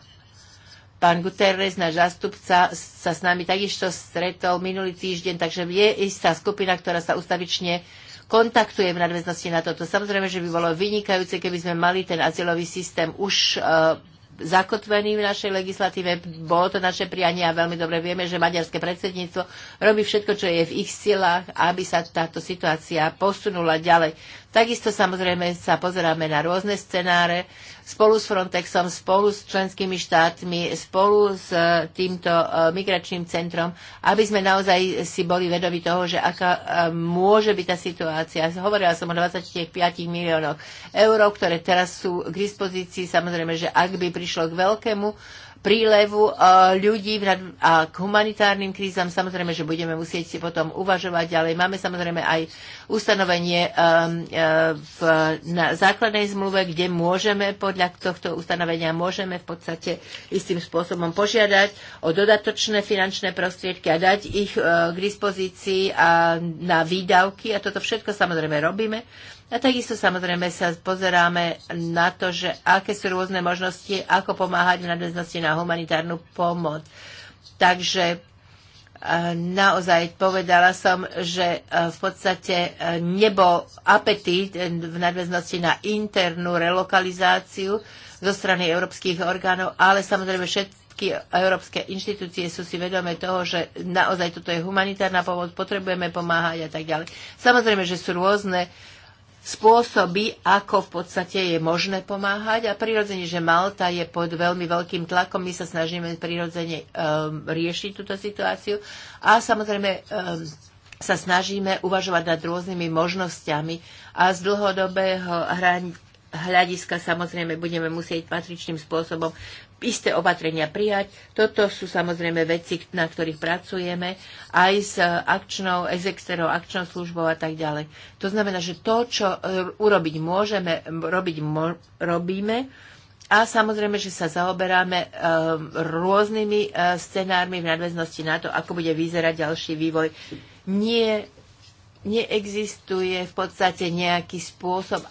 pán Guterres, náš zástupca, sa s nami takisto stretol minulý týždeň, takže je istá skupina, ktorá sa ustavične kontaktuje v nadväznosti na toto. Samozrejme, že by bolo vynikajúce, keby sme mali ten azylový systém už uh, zakotvený v našej legislatíve. Bolo to naše prianie a veľmi dobre vieme, že maďarské predsedníctvo robí všetko, čo je v ich silách, aby sa táto situácia posunula ďalej. Takisto samozrejme sa pozeráme na rôzne scenáre spolu s Frontexom, spolu s členskými štátmi, spolu s e, týmto e, migračným centrom, aby sme naozaj si boli vedomi toho, že aká e, môže byť tá situácia. Hovorila som o 25 miliónoch eur, ktoré teraz sú k dispozícii. Samozrejme, že ak by prišlo k veľkému prílevu e, ľudí a k humanitárnym krízam. Samozrejme, že budeme musieť si potom uvažovať ďalej. Máme samozrejme aj ustanovenie e, e, v, na základnej zmluve, kde môžeme podľa tohto ustanovenia môžeme v podstate istým spôsobom požiadať o dodatočné finančné prostriedky a dať ich k dispozícii a na výdavky a toto všetko samozrejme robíme. A takisto samozrejme sa pozeráme na to, že aké sú rôzne možnosti, ako pomáhať v nadväznosti na humanitárnu pomoc. Takže e, naozaj povedala som, že e, v podstate e, nebol apetít v nadväznosti na internú relokalizáciu zo strany európskych orgánov, ale samozrejme všetky európske inštitúcie sú si vedomé toho, že naozaj toto je humanitárna pomoc, potrebujeme pomáhať a tak ďalej. Samozrejme, že sú rôzne uh, spôsoby, ako v podstate je možné pomáhať a prirodzene, že Malta je pod veľmi veľkým tlakom, my sa snažíme prirodzene um, riešiť túto situáciu a samozrejme um, sa snažíme uvažovať nad rôznymi možnosťami a z dlhodobého hľadiska samozrejme budeme musieť patričným spôsobom isté opatrenia prijať. Toto sú samozrejme veci, na ktorých pracujeme aj s akčnou, aj s externou akčnou službou a tak ďalej. To znamená, že to, čo e, urobiť môžeme, robiť mo- robíme a samozrejme, že sa zaoberáme e, rôznymi e, scenármi v nadväznosti na to, ako bude vyzerať ďalší vývoj. Nie neexistuje v podstate nejaký spôsob,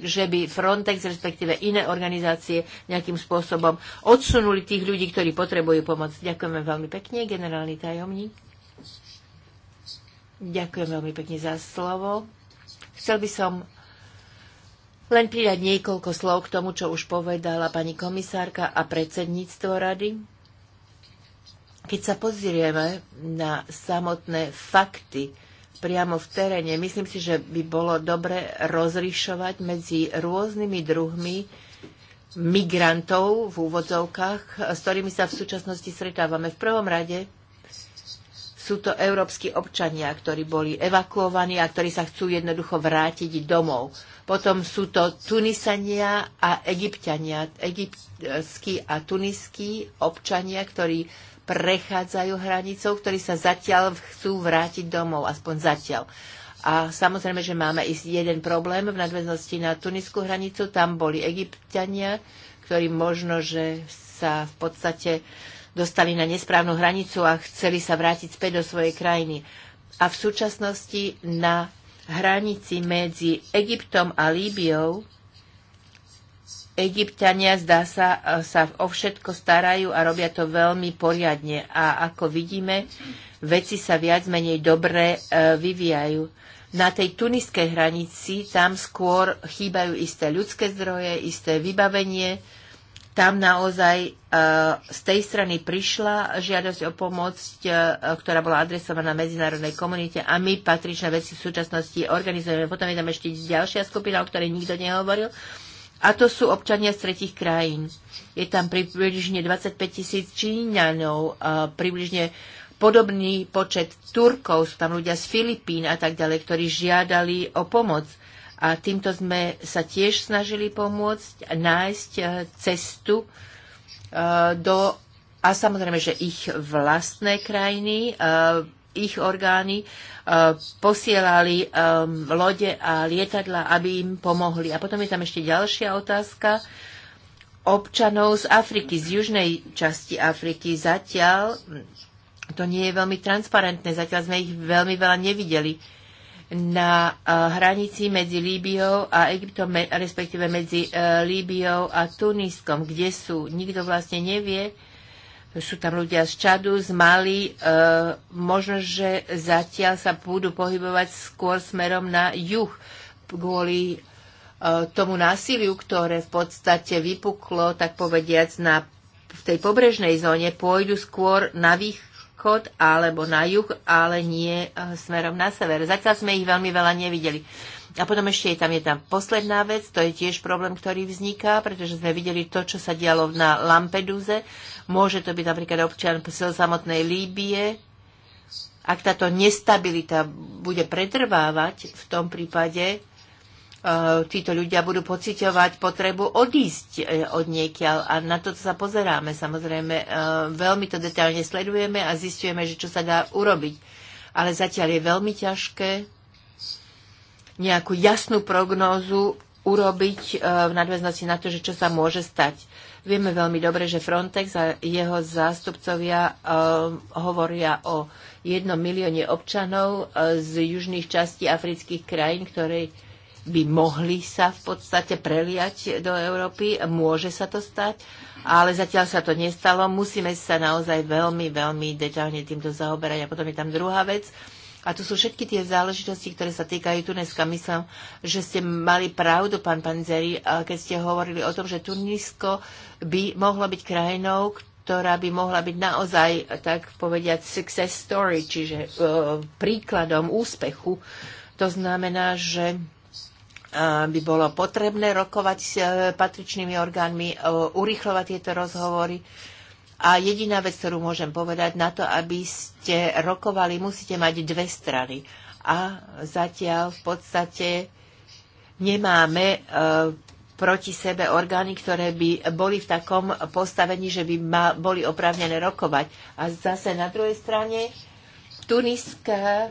že by Frontex, respektíve iné organizácie nejakým spôsobom odsunuli tých ľudí, ktorí potrebujú pomoc. Ďakujeme veľmi pekne, generálny tajomník. Ďakujem veľmi pekne za slovo. Chcel by som len pridať niekoľko slov k tomu, čo už povedala pani komisárka a predsedníctvo rady. Keď sa pozrieme na samotné fakty, priamo v teréne. Myslím si, že by bolo dobre rozlišovať medzi rôznymi druhmi migrantov v úvodzovkách, s ktorými sa v súčasnosti stretávame. V prvom rade sú to európsky občania, ktorí boli evakuovaní a ktorí sa chcú jednoducho vrátiť domov. Potom sú to Tunisania a Egyptiania, egyptskí a tuniskí občania, ktorí prechádzajú hranicou, ktorí sa zatiaľ chcú vrátiť domov, aspoň zatiaľ. A samozrejme, že máme ísť jeden problém v nadväznosti na tuniskú hranicu. Tam boli egyptiania, ktorí možno, že sa v podstate dostali na nesprávnu hranicu a chceli sa vrátiť späť do svojej krajiny. A v súčasnosti na hranici medzi Egyptom a Líbiou Egyptiania, zdá sa, e, sa o všetko starajú a robia to veľmi poriadne. A ako vidíme, veci sa viac menej dobre e, vyvíjajú. Na tej tuniskej hranici tam skôr chýbajú isté ľudské zdroje, isté vybavenie. Tam naozaj e, z tej strany prišla žiadosť o pomoc, ktorá bola adresovaná medzinárodnej komunite a my patričné veci v súčasnosti organizujeme. Potom je tam ešte ďalšia skupina, o ktorej nikto nehovoril a to sú občania z tretich krajín. Je tam približne 25 tisíc Číňanov, približne podobný počet Turkov, sú tam ľudia z Filipín a tak ďalej, ktorí žiadali o pomoc. A týmto sme sa tiež snažili pomôcť nájsť e, cestu e, do a samozrejme, že ich vlastné krajiny e, ich orgány e, posielali e, lode a lietadla, aby im pomohli. A potom je tam ešte ďalšia otázka občanov z Afriky, z južnej časti Afriky. Zatiaľ to nie je veľmi transparentné, zatiaľ sme ich veľmi veľa nevideli. Na e, hranici medzi Líbiou a Egyptom, respektíve medzi Líbiou a Tuniskom, kde sú, nikto vlastne nevie, sú tam ľudia z Čadu, z Mali, e, možno, že zatiaľ sa budú pohybovať skôr smerom na juh kvôli e, tomu násiliu, ktoré v podstate vypuklo, tak povediac, na, v tej pobrežnej zóne pôjdu skôr na východ alebo na juh, ale nie e, smerom na sever. Zatiaľ sme ich veľmi veľa nevideli. A potom ešte je tam, je tam posledná vec, to je tiež problém, ktorý vzniká, pretože sme videli to, čo sa dialo na Lampeduze. Môže to byť napríklad občan sil samotnej Líbie. Ak táto nestabilita bude pretrvávať, v tom prípade e, títo ľudia budú pociťovať potrebu odísť e, od niekiaľ. A na to sa pozeráme. Samozrejme, e, veľmi to detailne sledujeme a zistujeme, že čo sa dá urobiť. Ale zatiaľ je veľmi ťažké nejakú jasnú prognózu urobiť e, v nadväznosti na to, že čo sa môže stať. Vieme veľmi dobre, že Frontex a jeho zástupcovia e, hovoria o jednom milióne občanov e, z južných častí afrických krajín, ktoré by mohli sa v podstate preliať do Európy. Môže sa to stať, ale zatiaľ sa to nestalo. Musíme sa naozaj veľmi, veľmi detailne týmto zaoberať. A potom je tam druhá vec, a tu sú všetky tie záležitosti, ktoré sa týkajú Tuneska. Myslím, že ste mali pravdu, pán Panzeri, keď ste hovorili o tom, že Tunisko by mohlo byť krajinou, ktorá by mohla byť naozaj, tak povediať, success story, čiže e, príkladom úspechu. To znamená, že e, by bolo potrebné rokovať s e, patričnými orgánmi, e, urychľovať tieto rozhovory a jediná vec, ktorú môžem povedať, na to, aby ste rokovali, musíte mať dve strany. A zatiaľ v podstate nemáme e, proti sebe orgány, ktoré by boli v takom postavení, že by ma, boli oprávnené rokovať. A zase na druhej strane Tuniska e,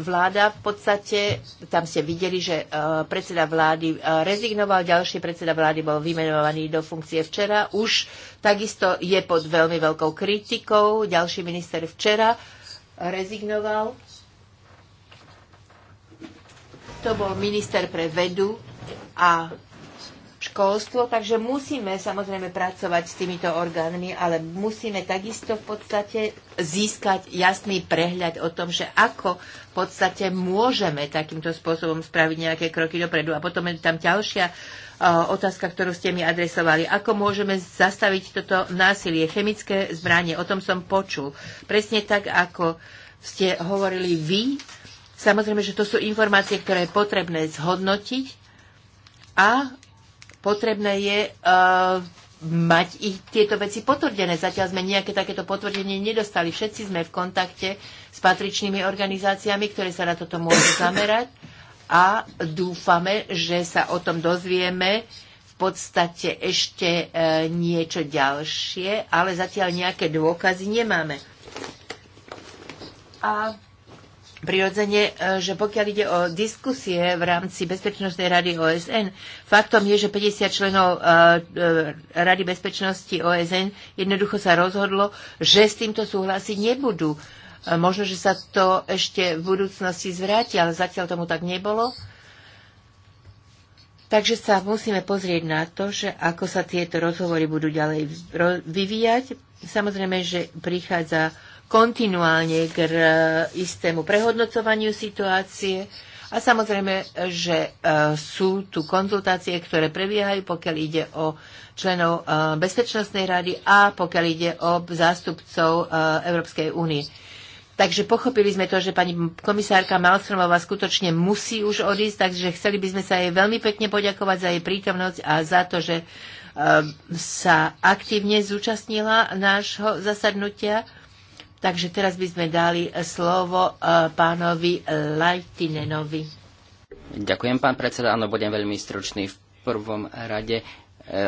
vláda v podstate, tam ste videli, že e, predseda vlády e, rezignoval, ďalší predseda vlády bol vymenovaný do funkcie včera, už takisto je pod veľmi veľkou kritikou, ďalší minister včera rezignoval. To bol minister pre vedu a školstvo, takže musíme samozrejme pracovať s týmito orgánmi, ale musíme takisto v podstate získať jasný prehľad o tom, že ako v podstate môžeme takýmto spôsobom spraviť nejaké kroky dopredu. A potom je tam ďalšia otázka, ktorú ste mi adresovali. Ako môžeme zastaviť toto násilie, chemické zbranie? O tom som počul. Presne tak, ako ste hovorili vy. Samozrejme, že to sú informácie, ktoré je potrebné zhodnotiť a potrebné je eh, mať ich tieto veci potvrdené. Zatiaľ sme nejaké takéto potvrdenie nedostali. Všetci sme v kontakte s patričnými organizáciami, ktoré sa na toto môžu (coughs) zamerať a dúfame, že sa o tom dozvieme v podstate ešte uh, niečo ďalšie, ale zatiaľ nejaké dôkazy nemáme. A prirodzene, e, že pokiaľ ide o diskusie v rámci Bezpečnostnej rady OSN, faktom je, že 50 členov e, e, Rady bezpečnosti OSN jednoducho sa rozhodlo, že s týmto súhlasiť nebudú. Možno, že sa to ešte v budúcnosti zvráti, ale zatiaľ tomu tak nebolo. Takže sa musíme pozrieť na to, že ako sa tieto rozhovory budú ďalej vyvíjať. Samozrejme, že prichádza uh, kontinuálne k istému prehodnocovaniu situácie a samozrejme, že e, sú tu konzultácie, ktoré prebiehajú, pokiaľ ide o členov e, Bezpečnostnej rady a pokiaľ ide o zástupcov e, Európskej únie. Takže pochopili sme to, že pani komisárka Malstromová skutočne musí už odísť, takže chceli by sme sa jej veľmi pekne poďakovať za jej prítomnosť a za to, že sa aktívne zúčastnila nášho zasadnutia Takže teraz by sme dali e, slovo e, pánovi Lajtinenovi. Ďakujem, pán predseda. Áno, budem veľmi stručný. V prvom rade e,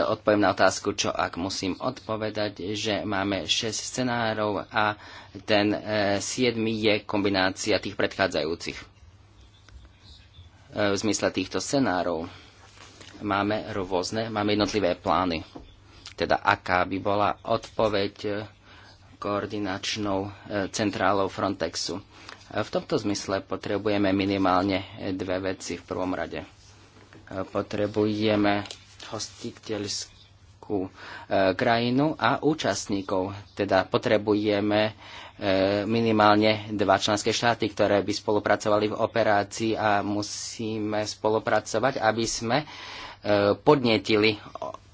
odpoviem na otázku, čo ak musím odpovedať, že máme 6 scenárov a ten 7 je kombinácia tých predchádzajúcich. V zmysle týchto scenárov máme rôzne, máme jednotlivé plány. Teda aká by bola odpoveď koordinačnou e, centrálou Frontexu. E, v tomto zmysle potrebujeme minimálne e, dve veci v prvom rade. Potrebujeme hostiteľskú krajinu a účastníkov. Teda potrebujeme minimálne dva členské štáty, ktoré by spolupracovali v operácii a musíme spolupracovať, aby sme podnetili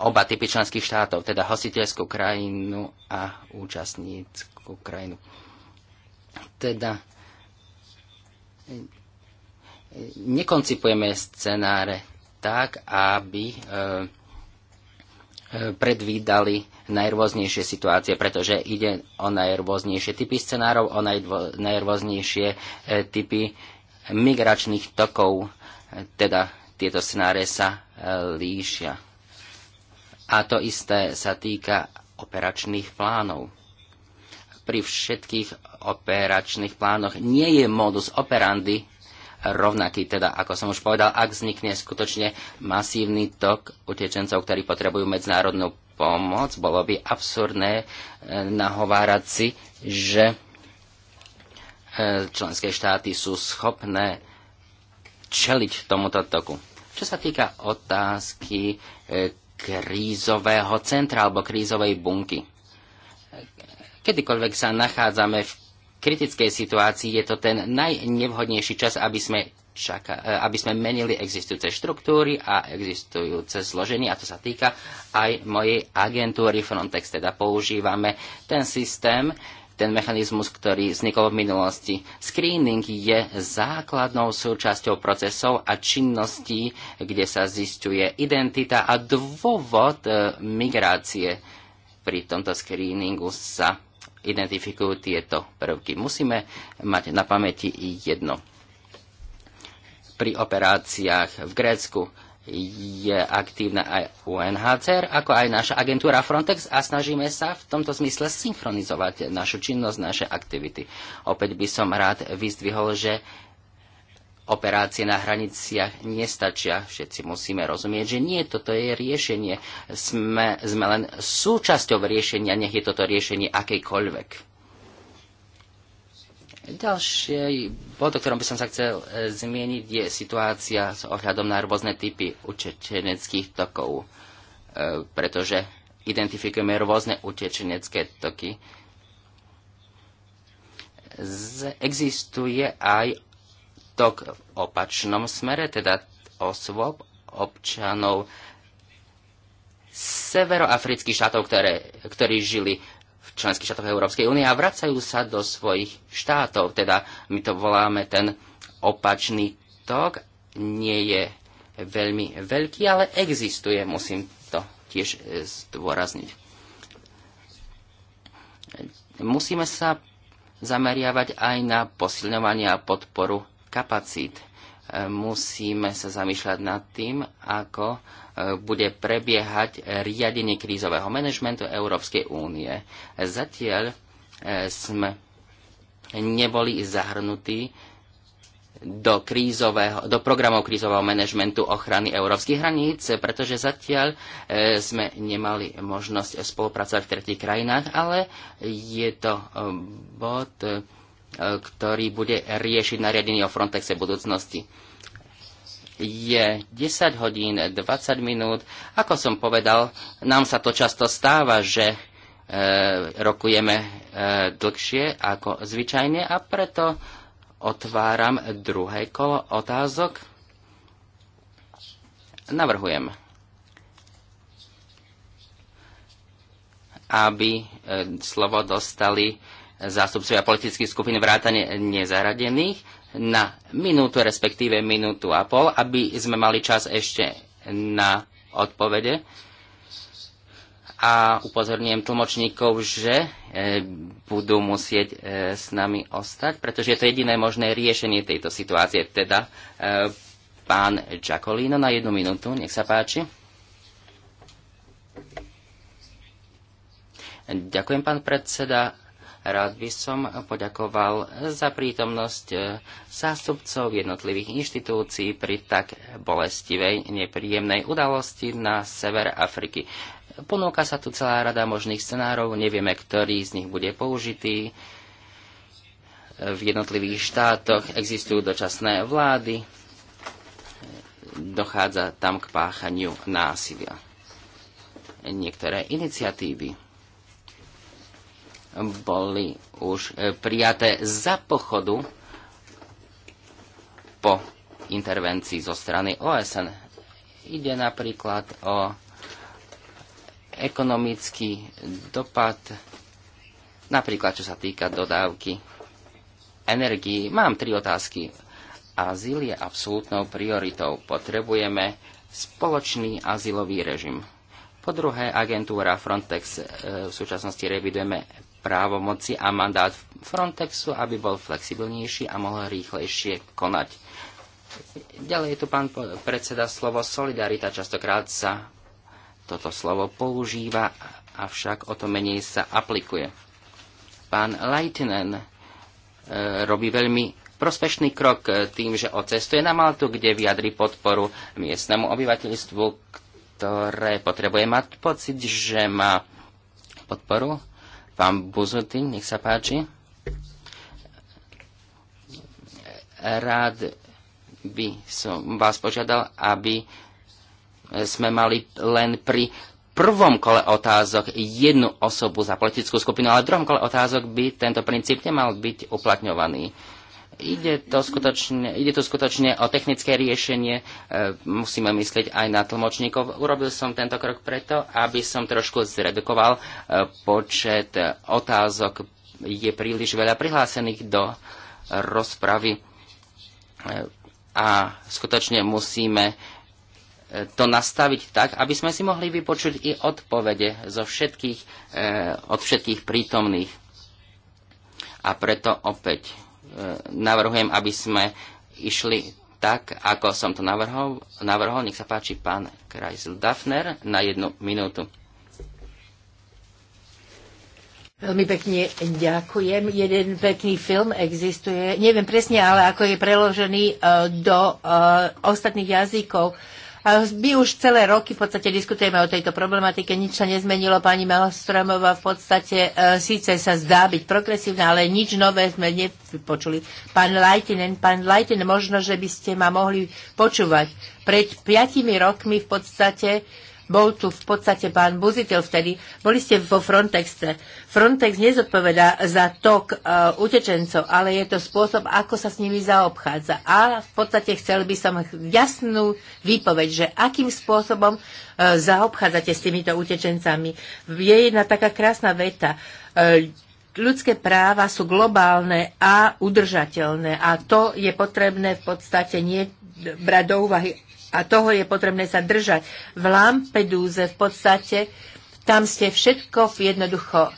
oba typy členských štátov, teda hostiteľskú krajinu a účastníckú krajinu. Teda nekoncipujeme scenáre tak, aby e, e, predvídali najrôznejšie situácie, pretože ide o najrôznejšie typy scenárov, o najrôznejšie e, typy migračných tokov, teda tieto scenáre sa líšia. A to isté sa týka operačných plánov. Pri všetkých operačných plánoch nie je modus operandi rovnaký. Teda, ako som už povedal, ak vznikne skutočne masívny tok utečencov, ktorí potrebujú medzinárodnú pomoc, bolo by absurdné e, nahovárať si, že e, členské štáty sú schopné čeliť tomuto toku. Čo sa týka otázky e, krízového centra alebo krízovej bunky, kedykoľvek sa nachádzame v kritickej situácii, je to ten najnevhodnejší čas, aby sme, čaka, e, aby sme menili existujúce štruktúry a existujúce zloženie. A to sa týka aj mojej agentúry Frontex. Teda používame ten systém, ten mechanizmus, ktorý vznikol v minulosti. Screening je základnou súčasťou procesov a činností, kde sa zistuje identita a dôvod e, migrácie. Pri tomto screeningu sa identifikujú tieto prvky. Musíme mať na pamäti jedno pri operáciách v Grécku je aktívna aj UNHCR, ako aj naša agentúra Frontex a snažíme sa v tomto zmysle synchronizovať našu činnosť, naše aktivity. Opäť by som rád vyzdvihol, že operácie na hraniciach nestačia. Všetci musíme rozumieť, že nie, toto je riešenie. Sme, sme len súčasťou riešenia, nech je toto riešenie akejkoľvek. Ďalší bod, o ktorom by som sa chcel e, zmieniť, je situácia s ohľadom na rôzne typy utečeneckých tokov, e, pretože identifikujeme rôzne utečenecké toky. Existuje aj tok v opačnom smere, teda osôb, občanov severoafrických štátov, ktoré, ktorí žili členských štátov Európskej únie a vracajú sa do svojich štátov. Teda my to voláme ten opačný tok. Nie je veľmi veľký, ale existuje, musím to tiež e, zdôrazniť. Musíme sa zameriavať aj na posilňovanie a podporu kapacít musíme sa zamýšľať nad tým, ako e, bude prebiehať riadenie krízového manažmentu Európskej únie. Zatiaľ e, sme neboli zahrnutí do, krízového, do programov krízového manažmentu ochrany európskych hraníc, pretože zatiaľ e, sme nemali možnosť spolupracovať v tretich krajinách, ale je to bod, ktorý bude riešiť nariadenie o Frontexe budúcnosti. Je 10 hodín 20 minút. Ako som povedal, nám sa to často stáva, že e, rokujeme e, dlhšie ako zvyčajne a preto otváram druhé kolo otázok. Navrhujem, aby e, slovo dostali zástupcovia politických skupín vrátane nezaradených na minútu, respektíve minútu a pol, aby sme mali čas ešte na odpovede. A upozorňujem tlmočníkov, že e, budú musieť e, s nami ostať, pretože je to jediné možné riešenie tejto situácie. Teda e, pán Čakolíno na jednu minútu, nech sa páči. Ďakujem, pán predseda Rád by som poďakoval za prítomnosť e, zástupcov jednotlivých inštitúcií pri tak bolestivej, nepríjemnej udalosti na sever Afriky. Ponúka sa tu celá rada možných scenárov, nevieme, ktorý z nich bude použitý. V jednotlivých štátoch existujú dočasné vlády, dochádza tam k páchaniu násilia. Niektoré iniciatívy boli už e, prijaté za pochodu po intervencii zo strany OSN. Ide napríklad o ekonomický dopad, napríklad čo sa týka dodávky energii. Mám tri otázky. Azyl je absolútnou prioritou. Potrebujeme spoločný azylový režim. Po druhé, agentúra Frontex e, v súčasnosti revidujeme právomoci a mandát Frontexu, aby bol flexibilnejší a mohol rýchlejšie konať. Ďalej je tu pán predseda slovo solidarita. Častokrát sa toto slovo používa, avšak o to menej sa aplikuje. Pán Leitinen e, robí veľmi prospešný krok e, tým, že ocestuje na Maltu, kde vyjadri podporu miestnemu obyvateľstvu, ktoré potrebuje mať pocit, že má podporu Pán Buzoty, nech sa páči. Rád by som vás požiadal, aby sme mali len pri prvom kole otázok jednu osobu za politickú skupinu, ale v druhom kole otázok by tento princíp nemal byť uplatňovaný ide to skutočne, ide to skutočne o technické riešenie. E, musíme myslieť aj na tlmočníkov. Urobil som tento krok preto, aby som trošku zredukoval e, počet otázok. Je príliš veľa prihlásených do rozpravy e, a skutočne musíme to nastaviť tak, aby sme si mohli vypočuť i odpovede zo všetkých, od všetkých prítomných. A preto opäť navrhujem, aby sme išli tak, ako som to navrhol. navrhol. Nech sa páči pán Kreisel Dafner na jednu minútu. Veľmi pekne ďakujem. Jeden pekný film existuje, neviem presne, ale ako je preložený eh, do eh, ostatných jazykov. My už celé roky v podstate diskutujeme o tejto problematike, nič sa nezmenilo. Pani Malostromová v podstate e, síce sa zdá byť progresívna, ale nič nové sme nepočuli. Pán Lajtinen, pán Lajtinen, možno, že by ste ma mohli počúvať. Pred piatimi rokmi v podstate bol tu v podstate pán Buziteľ vtedy. Boli ste vo Frontexe. Frontex nezodpovedá za tok uh, utečencov, ale je to spôsob, ako sa s nimi zaobchádza. A v podstate chcel by som jasnú výpoveď, že akým spôsobom uh, zaobchádzate s týmito utečencami. Je jedna taká krásna veta. Uh, ľudské práva sú globálne a udržateľné a to je potrebné v podstate nie brať do úvahy a toho je potrebné sa držať. V Lampedúze v podstate tam ste všetko jednoducho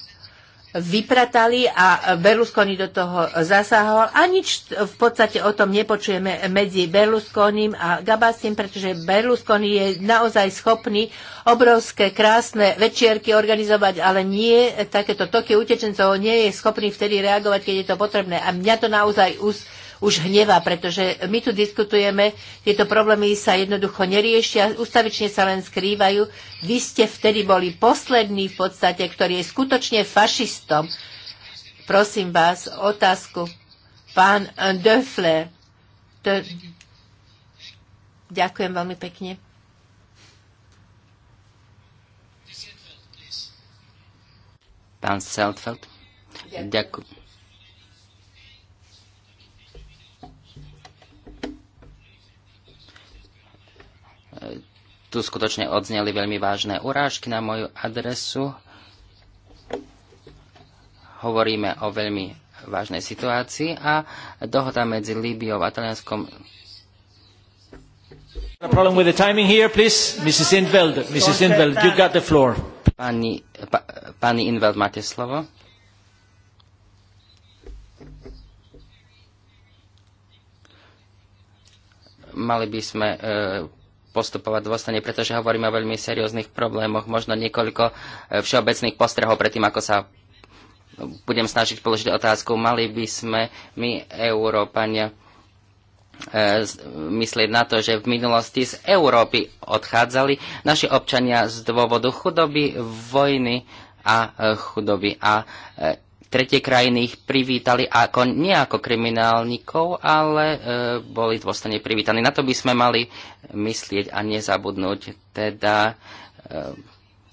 vypratali a Berlusconi do toho zasahoval a nič v podstate o tom nepočujeme medzi Berlusconim a Gabasim, pretože Berlusconi je naozaj schopný obrovské, krásne večierky organizovať, ale nie takéto toky utečencov nie je schopný vtedy reagovať, keď je to potrebné. A mňa to naozaj us- už hnevá, pretože my tu diskutujeme, tieto problémy sa jednoducho neriešia, ustavične sa len skrývajú. Vy ste vtedy boli poslední v podstate, ktorý je skutočne fašistom. Prosím vás, otázku. Pán Döfle. To... Ďakujem veľmi pekne. Pán Seltfeld. Ďakujem. tu skutočne odzneli veľmi vážne urážky na moju adresu. Hovoríme o veľmi vážnej situácii a dohoda medzi Líbiou a Talianskom problem with the timing here, please. Mrs. Inveld, Mrs. Inveld, you got the floor. Pani, pa, pani Inveld, máte slovo. Mali by sme e, postupovať dôstane, pretože hovoríme o veľmi serióznych problémoch, možno niekoľko e, všeobecných postrehov predtým, ako sa budem snažiť položiť otázku. Mali by sme my, Európania, e, myslieť na to, že v minulosti z Európy odchádzali naši občania z dôvodu chudoby, vojny a e, chudoby. A tretie krajiny ich privítali ako, nie ako kriminálnikov, ale e, boli dôstane privítaní. Na to by sme mali myslieť a nezabudnúť. Teda e,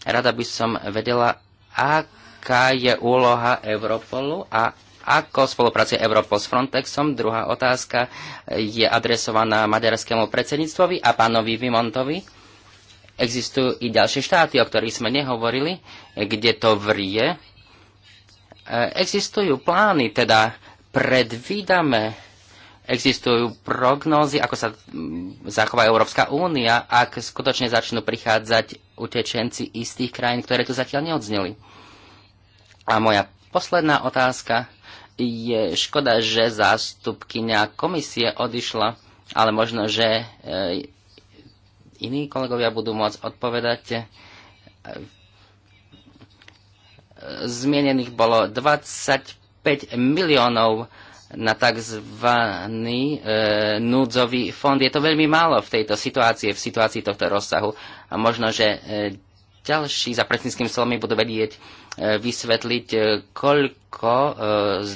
rada by som vedela, aká je úloha Europolu a ako spolupracuje Europol s Frontexom. Druhá otázka je adresovaná maďarskému predsedníctvovi a pánovi Vimontovi. Existujú i ďalšie štáty, o ktorých sme nehovorili, kde to vrie Existujú plány, teda predvídame, existujú prognózy, ako sa mm, zachová Európska únia, ak skutočne začnú prichádzať utečenci istých krajín, ktoré tu zatiaľ neodzneli. A moja posledná otázka je škoda, že zástupkynia komisie odišla, ale možno, že e, iní kolegovia budú môcť odpovedať zmienených bolo 25 miliónov na tzv. E, núdzový fond. Je to veľmi málo v tejto situácii, v situácii tohto rozsahu. A možno, že e, ďalší za predsedníckým slovom budú vedieť e, vysvetliť, koľko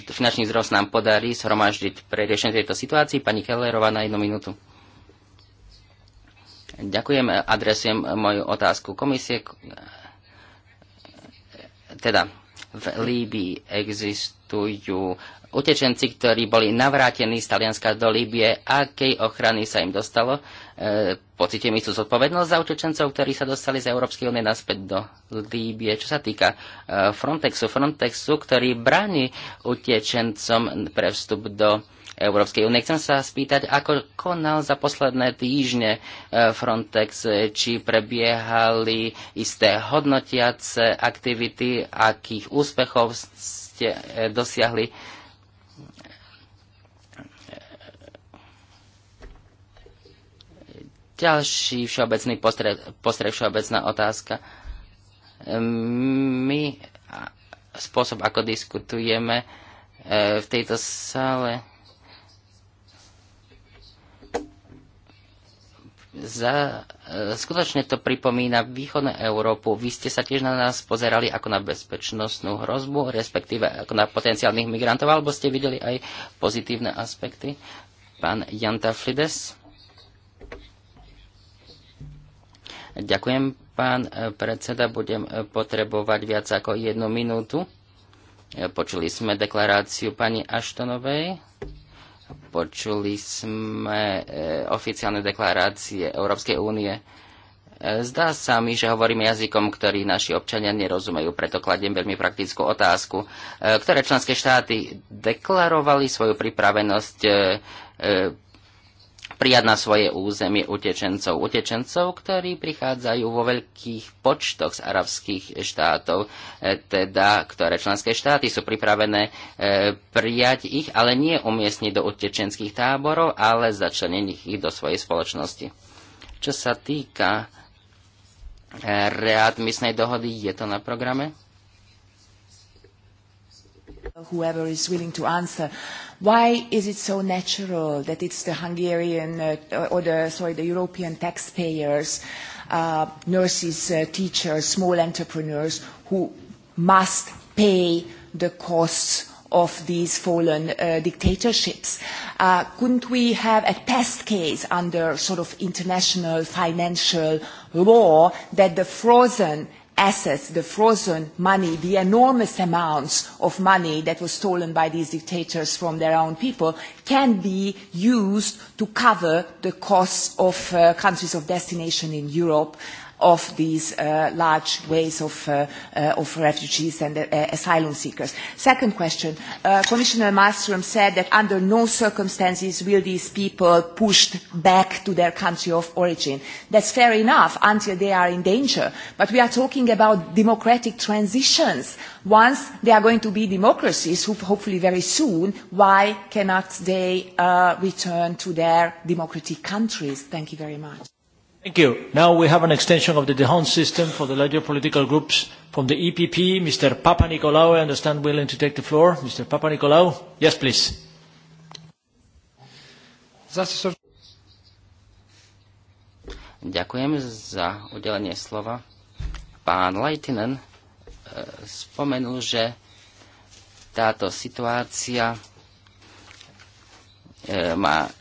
finančných zdrojov nám podarí zhromaždiť pre riešenie tejto situácii. Pani Kellerová na jednu minútu. Ďakujem, adresujem moju otázku komisie teda v Líbii existujú utečenci, ktorí boli navrátení z Talianska do Líbie, akej ochrany sa im dostalo. E, pocite mi sú zodpovednosť za utečencov, ktorí sa dostali z Európskej únie naspäť do Líbie. Čo sa týka e, Frontexu, Frontexu, ktorý bráni utečencom pre vstup do Európskej únie. Chcem sa spýtať, ako konal za posledné týždne e, Frontex, e, či prebiehali isté hodnotiace aktivity, akých úspechov ste e, dosiahli. Ďalší všeobecný postreh, postreh všeobecná otázka. My spôsob, ako diskutujeme v tejto sále, za, e, skutočne to pripomína východnú Európu. Vy ste sa tiež na nás pozerali ako na bezpečnostnú hrozbu, respektíve ako na potenciálnych migrantov, alebo ste videli aj pozitívne aspekty? Pán Janta Flides. Ďakujem, pán e, predseda. Budem e, potrebovať viac ako jednu minútu. Počuli sme deklaráciu pani Aštonovej Počuli sme eh, oficiálne deklarácie Európskej únie. Eh, zdá sa mi, že hovoríme jazykom, ktorý naši občania nerozumejú, preto kladiem veľmi praktickú otázku. Eh, ktoré členské štáty deklarovali svoju pripravenosť prijať na svoje územie utečencov. Utečencov, ktorí prichádzajú vo veľkých počtoch z arabských štátov, e, teda ktoré členské štáty sú pripravené e, prijať ich, ale nie umiestniť do utečenských táborov, ale začleniť ich do svojej spoločnosti. Čo sa týka e, readmisnej dohody, je to na programe? Whoever is willing to answer, why is it so natural that it's the Hungarian uh, or the sorry the European taxpayers, uh, nurses, uh, teachers, small entrepreneurs who must pay the costs of these fallen uh, dictatorships. Uh, couldn't we have a test case under sort of international financial law that the frozen assets, the frozen money, the enormous amounts of money that was stolen by these dictators from their own people can be used to cover the costs of uh, countries of destination in Europe of these uh, large waves of, uh, uh, of refugees and uh, asylum seekers. Second question, uh, Commissioner Malmström said that under no circumstances will these people pushed back to their country of origin. That's fair enough until they are in danger, but we are talking about democratic transitions. Once there are going to be democracies, hopefully very soon, why cannot they uh, return to their democratic countries? Thank you very much. Thank you. Now we have an extension of the Dehon system for the larger political groups. From the EPP, Mr. Papa Nicolau, I understand willing to take the floor. Mr. Papa Nicolau, yes, please. Ďakujem za udelenie slova. Pán Leitinen e, spomenul, že táto situácia e, má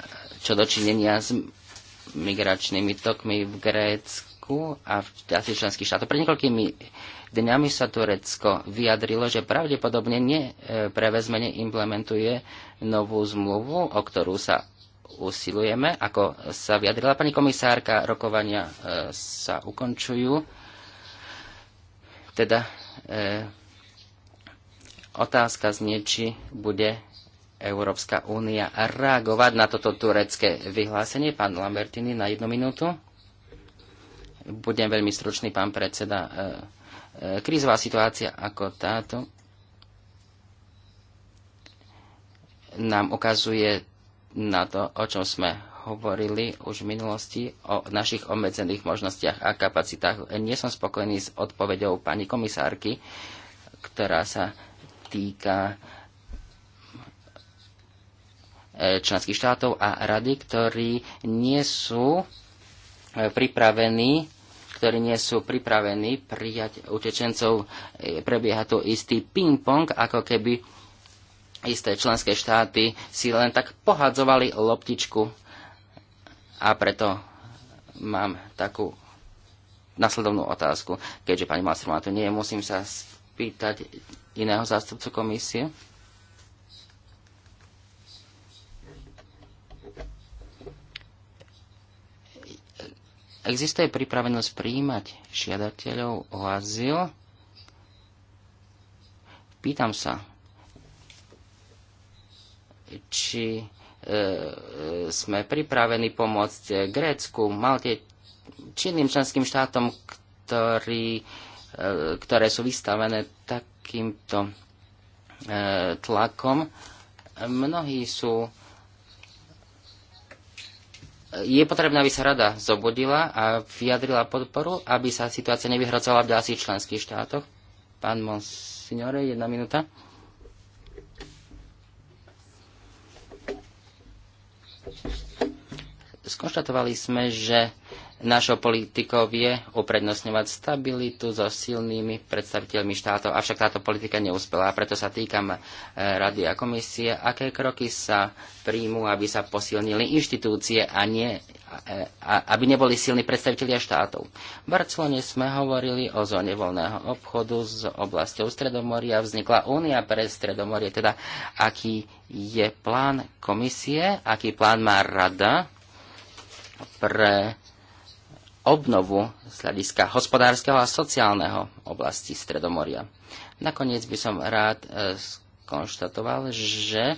čo dočinenia s migračnými tokmi v Grécku a v ďalších členských štátoch. Pred niekoľkými dňami sa Turecko vyjadrilo, že pravdepodobne neprevezme, e, neimplementuje novú zmluvu, o ktorú sa usilujeme. Ako sa vyjadrila pani komisárka, rokovania e, sa ukončujú. Teda e, otázka znie, či bude Európska únia reagovať na toto turecké vyhlásenie? Pán Lambertini, na jednu minútu. Budem veľmi stručný, pán predseda. E, e, krízová situácia ako táto nám ukazuje na to, o čom sme hovorili už v minulosti o našich obmedzených možnostiach a kapacitách. Nie som spokojný s odpovedou pani komisárky, ktorá sa týka členských štátov a rady, ktorí nie sú e, pripravení ktorí nie sú pripravení prijať utečencov. E, prebieha tu istý ping-pong, ako keby isté členské štáty si len tak pohadzovali loptičku. A preto mám takú nasledovnú otázku. Keďže pani Malstrom tu nie, musím sa spýtať iného zástupcu komisie. Existuje pripravenosť príjmať žiadateľov o azyl? Pýtam sa, či e, e, sme pripravení pomôcť Grécku, Malte, či iným členským štátom, ktorý, e, ktoré sú vystavené takýmto e, tlakom. Mnohí sú je potrebné, aby sa rada zobudila a vyjadrila podporu, aby sa situácia nevyhrocala v ďalších členských štátoch. Pán monsignore, jedna minúta. Skonštatovali sme, že Našou politikou je uprednostňovať stabilitu so silnými predstaviteľmi štátov, avšak táto politika neúspela a preto sa týkam e, Rady a komisie, aké kroky sa príjmú, aby sa posilnili inštitúcie a nie, e, aby neboli silní predstavitelia štátov. V Barcelone sme hovorili o zóne voľného obchodu s oblasťou Stredomoria. Vznikla únia pre Stredomorie, teda aký je plán komisie, aký plán má rada pre obnovu z hľadiska hospodárskeho a sociálneho oblasti Stredomoria. Nakoniec by som rád e, skonštatoval, že e,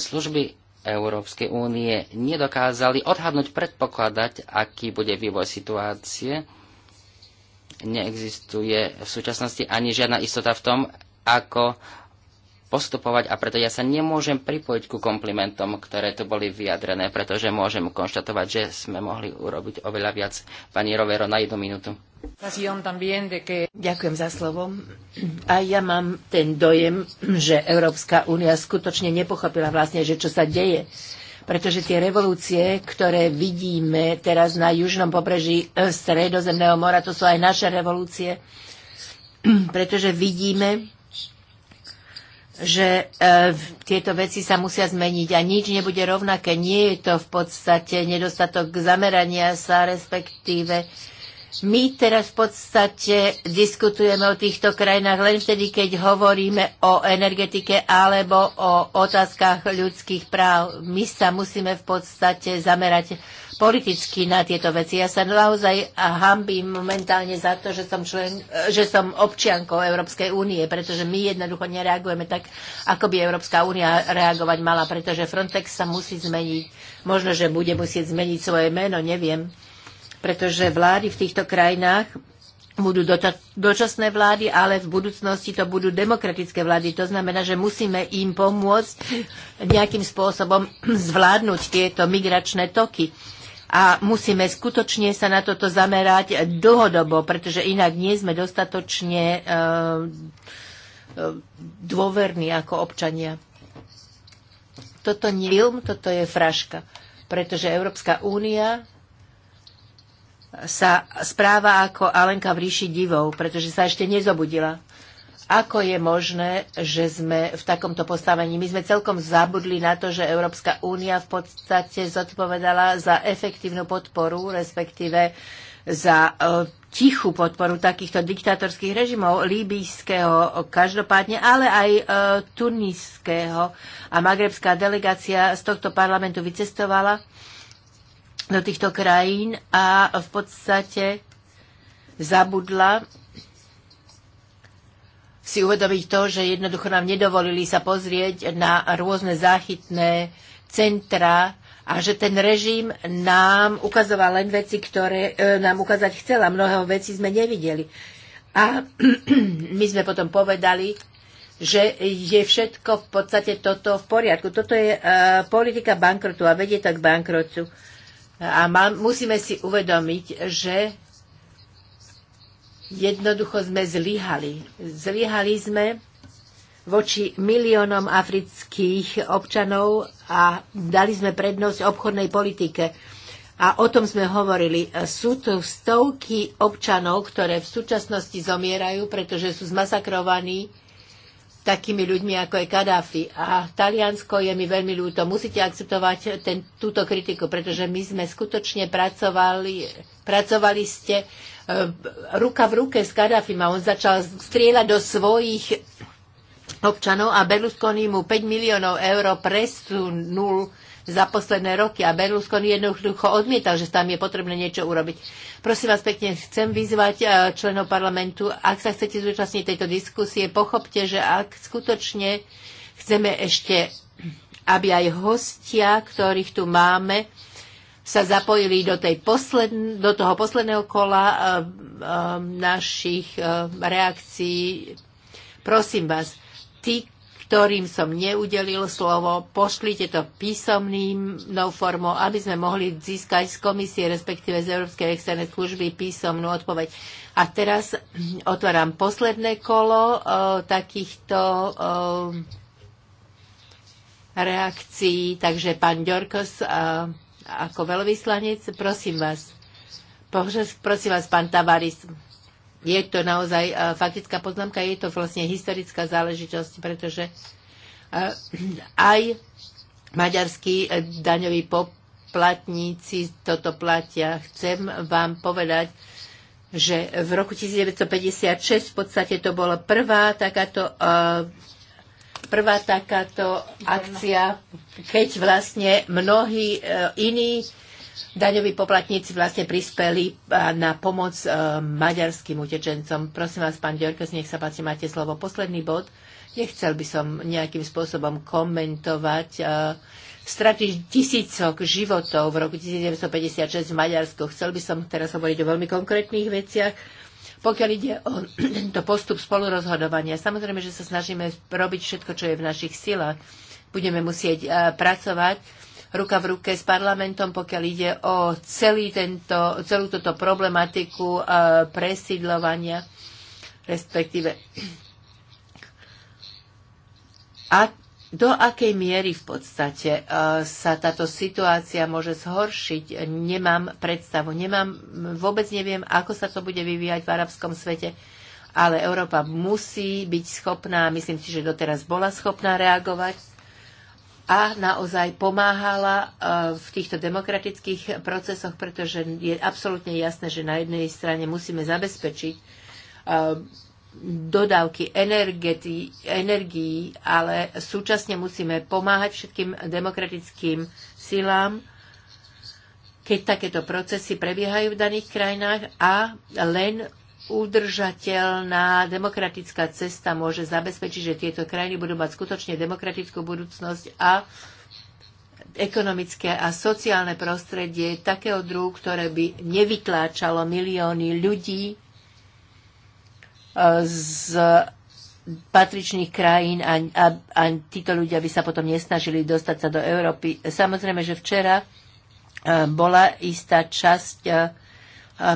služby Európskej únie nedokázali odhadnúť, predpokladať, aký bude vývoj situácie. Neexistuje v súčasnosti ani žiadna istota v tom, ako postupovať a preto ja sa nemôžem pripojiť ku komplimentom, ktoré tu boli vyjadrené, pretože môžem konštatovať, že sme mohli urobiť oveľa viac. Pani Rovero, na jednu minútu. Ďakujem za slovo. A ja mám ten dojem, že Európska únia skutočne nepochopila vlastne, že čo sa deje pretože tie revolúcie, ktoré vidíme teraz na južnom pobreží eh, Stredozemného mora, to sú aj naše revolúcie, (clears throat) pretože vidíme, že e, tieto veci sa musia zmeniť a nič nebude rovnaké. Nie je to v podstate nedostatok zamerania sa, respektíve my teraz v podstate diskutujeme o týchto krajinách len vtedy, keď hovoríme o energetike alebo o otázkach ľudských práv. My sa musíme v podstate zamerať politicky na tieto veci. Ja sa naozaj hambím momentálne za to, že som, člen, že som občiankou Európskej únie, pretože my jednoducho nereagujeme tak, ako by Európska únia reagovať mala, pretože Frontex sa musí zmeniť. Možno, že bude musieť zmeniť svoje meno, neviem. Pretože vlády v týchto krajinách budú dočasné vlády, ale v budúcnosti to budú demokratické vlády. To znamená, že musíme im pomôcť nejakým spôsobom (clears throat) zvládnuť tieto migračné toky a musíme skutočne sa na toto zamerať dlhodobo, pretože inak nie sme dostatočne eh, eh, dôverní ako občania. Toto nie je film, toto je fraška, pretože Európska únia sa správa ako Alenka v ríši divov, pretože sa ešte nezobudila ako je možné, že sme v takomto postavení. My sme celkom zabudli na to, že Európska únia v podstate zodpovedala za efektívnu podporu, respektíve za e, tichú podporu takýchto diktatorských režimov, líbijského každopádne, ale aj e, A magrebská delegácia z tohto parlamentu vycestovala do týchto krajín a v podstate zabudla si uvedomiť to, že jednoducho nám nedovolili sa pozrieť na rôzne záchytné centra a že ten režim nám ukazoval len veci, ktoré e, nám ukázať chcela. Mnoho vecí sme nevideli. A (clears throat) my sme potom povedali, že je všetko v podstate toto v poriadku. Toto je uh, politika bankrotu a vedie tak bankrotu. A má, musíme si uvedomiť, že Jednoducho sme zlyhali. Zlyhali sme voči miliónom afrických občanov a dali sme prednosť obchodnej politike. A o tom sme hovorili. Sú to stovky občanov, ktoré v súčasnosti zomierajú, pretože sú zmasakrovaní takými ľuďmi, ako je Kadáfi. A Taliansko je mi veľmi ľúto. Musíte akceptovať ten, túto kritiku, pretože my sme skutočne pracovali, pracovali ste E, ruka v ruke s Kadafima a on začal strieľať do svojich občanov a Berlusconi mu 5 miliónov eur presunul za posledné roky a Berlusconi jednoducho odmietal, že tam je potrebné niečo urobiť. Prosím vás pekne, chcem vyzvať e, členov parlamentu, ak sa chcete zúčastniť tejto diskusie, pochopte, že ak skutočne chceme ešte, aby aj hostia, ktorých tu máme, sa zapojili do, tej posled, do toho posledného kola eh, eh, našich eh, reakcií. Prosím vás, tí, ktorým som neudelil slovo, pošlite to písomnou no formou, aby sme mohli získať z komisie, respektíve z Európskej externej služby písomnú odpoveď. A teraz (clears throat) otváram posledné kolo takýchto reakcií, takže pán Ďorkos. a ako veľvyslanec. Prosím vás, prosím vás, pán Tavaris, je to naozaj e, faktická poznámka, je to vlastne historická záležitosť, pretože e, aj maďarskí e, daňoví poplatníci toto platia. Chcem vám povedať, že v roku 1956 v podstate to bola prvá takáto prvá takáto akcia, keď vlastne mnohí eh, iní daňoví poplatníci vlastne prispeli eh, na pomoc eh, maďarským utečencom. Prosím vás, pán Ďorkes, nech sa páči, máte slovo. Posledný bod. Nechcel by som nejakým spôsobom komentovať straty tisícok životov v roku 1956 v Maďarsku. Chcel by som teraz hovoriť o veľmi konkrétnych veciach pokiaľ ide o tento (clears throat) postup spolurozhodovania. Samozrejme, že sa snažíme robiť všetko, čo je v našich silách. Budeme musieť e, pracovať ruka v ruke s parlamentom, pokiaľ ide o celý tento, celú túto problematiku e, presídľovania, respektíve (clears throat) a do akej miery v podstate e, sa táto situácia môže zhoršiť, nemám predstavu, nemám, vôbec neviem, ako sa to bude vyvíjať v arabskom svete, ale Európa musí byť schopná, myslím si, že doteraz bola schopná reagovať a naozaj pomáhala e, v týchto demokratických procesoch, pretože je absolútne jasné, že na jednej strane musíme zabezpečiť e, dodávky energií, ale súčasne musíme pomáhať všetkým demokratickým silám, keď takéto procesy prebiehajú v daných krajinách a len udržateľná demokratická cesta môže zabezpečiť, že tieto krajiny budú mať skutočne demokratickú budúcnosť a ekonomické a sociálne prostredie takého druhu, ktoré by nevytláčalo milióny ľudí z patričných krajín a, a, a títo ľudia by sa potom nesnažili dostať sa do Európy. Samozrejme, že včera e, bola istá časť e,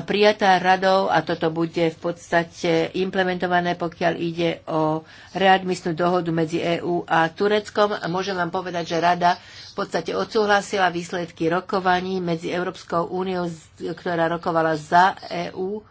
prijatá radou a toto bude v podstate implementované, pokiaľ ide o readmisnú dohodu medzi EÚ a Tureckom. A môžem vám povedať, že rada v podstate odsúhlasila výsledky rokovaní medzi Európskou úniou, ktorá rokovala za EÚ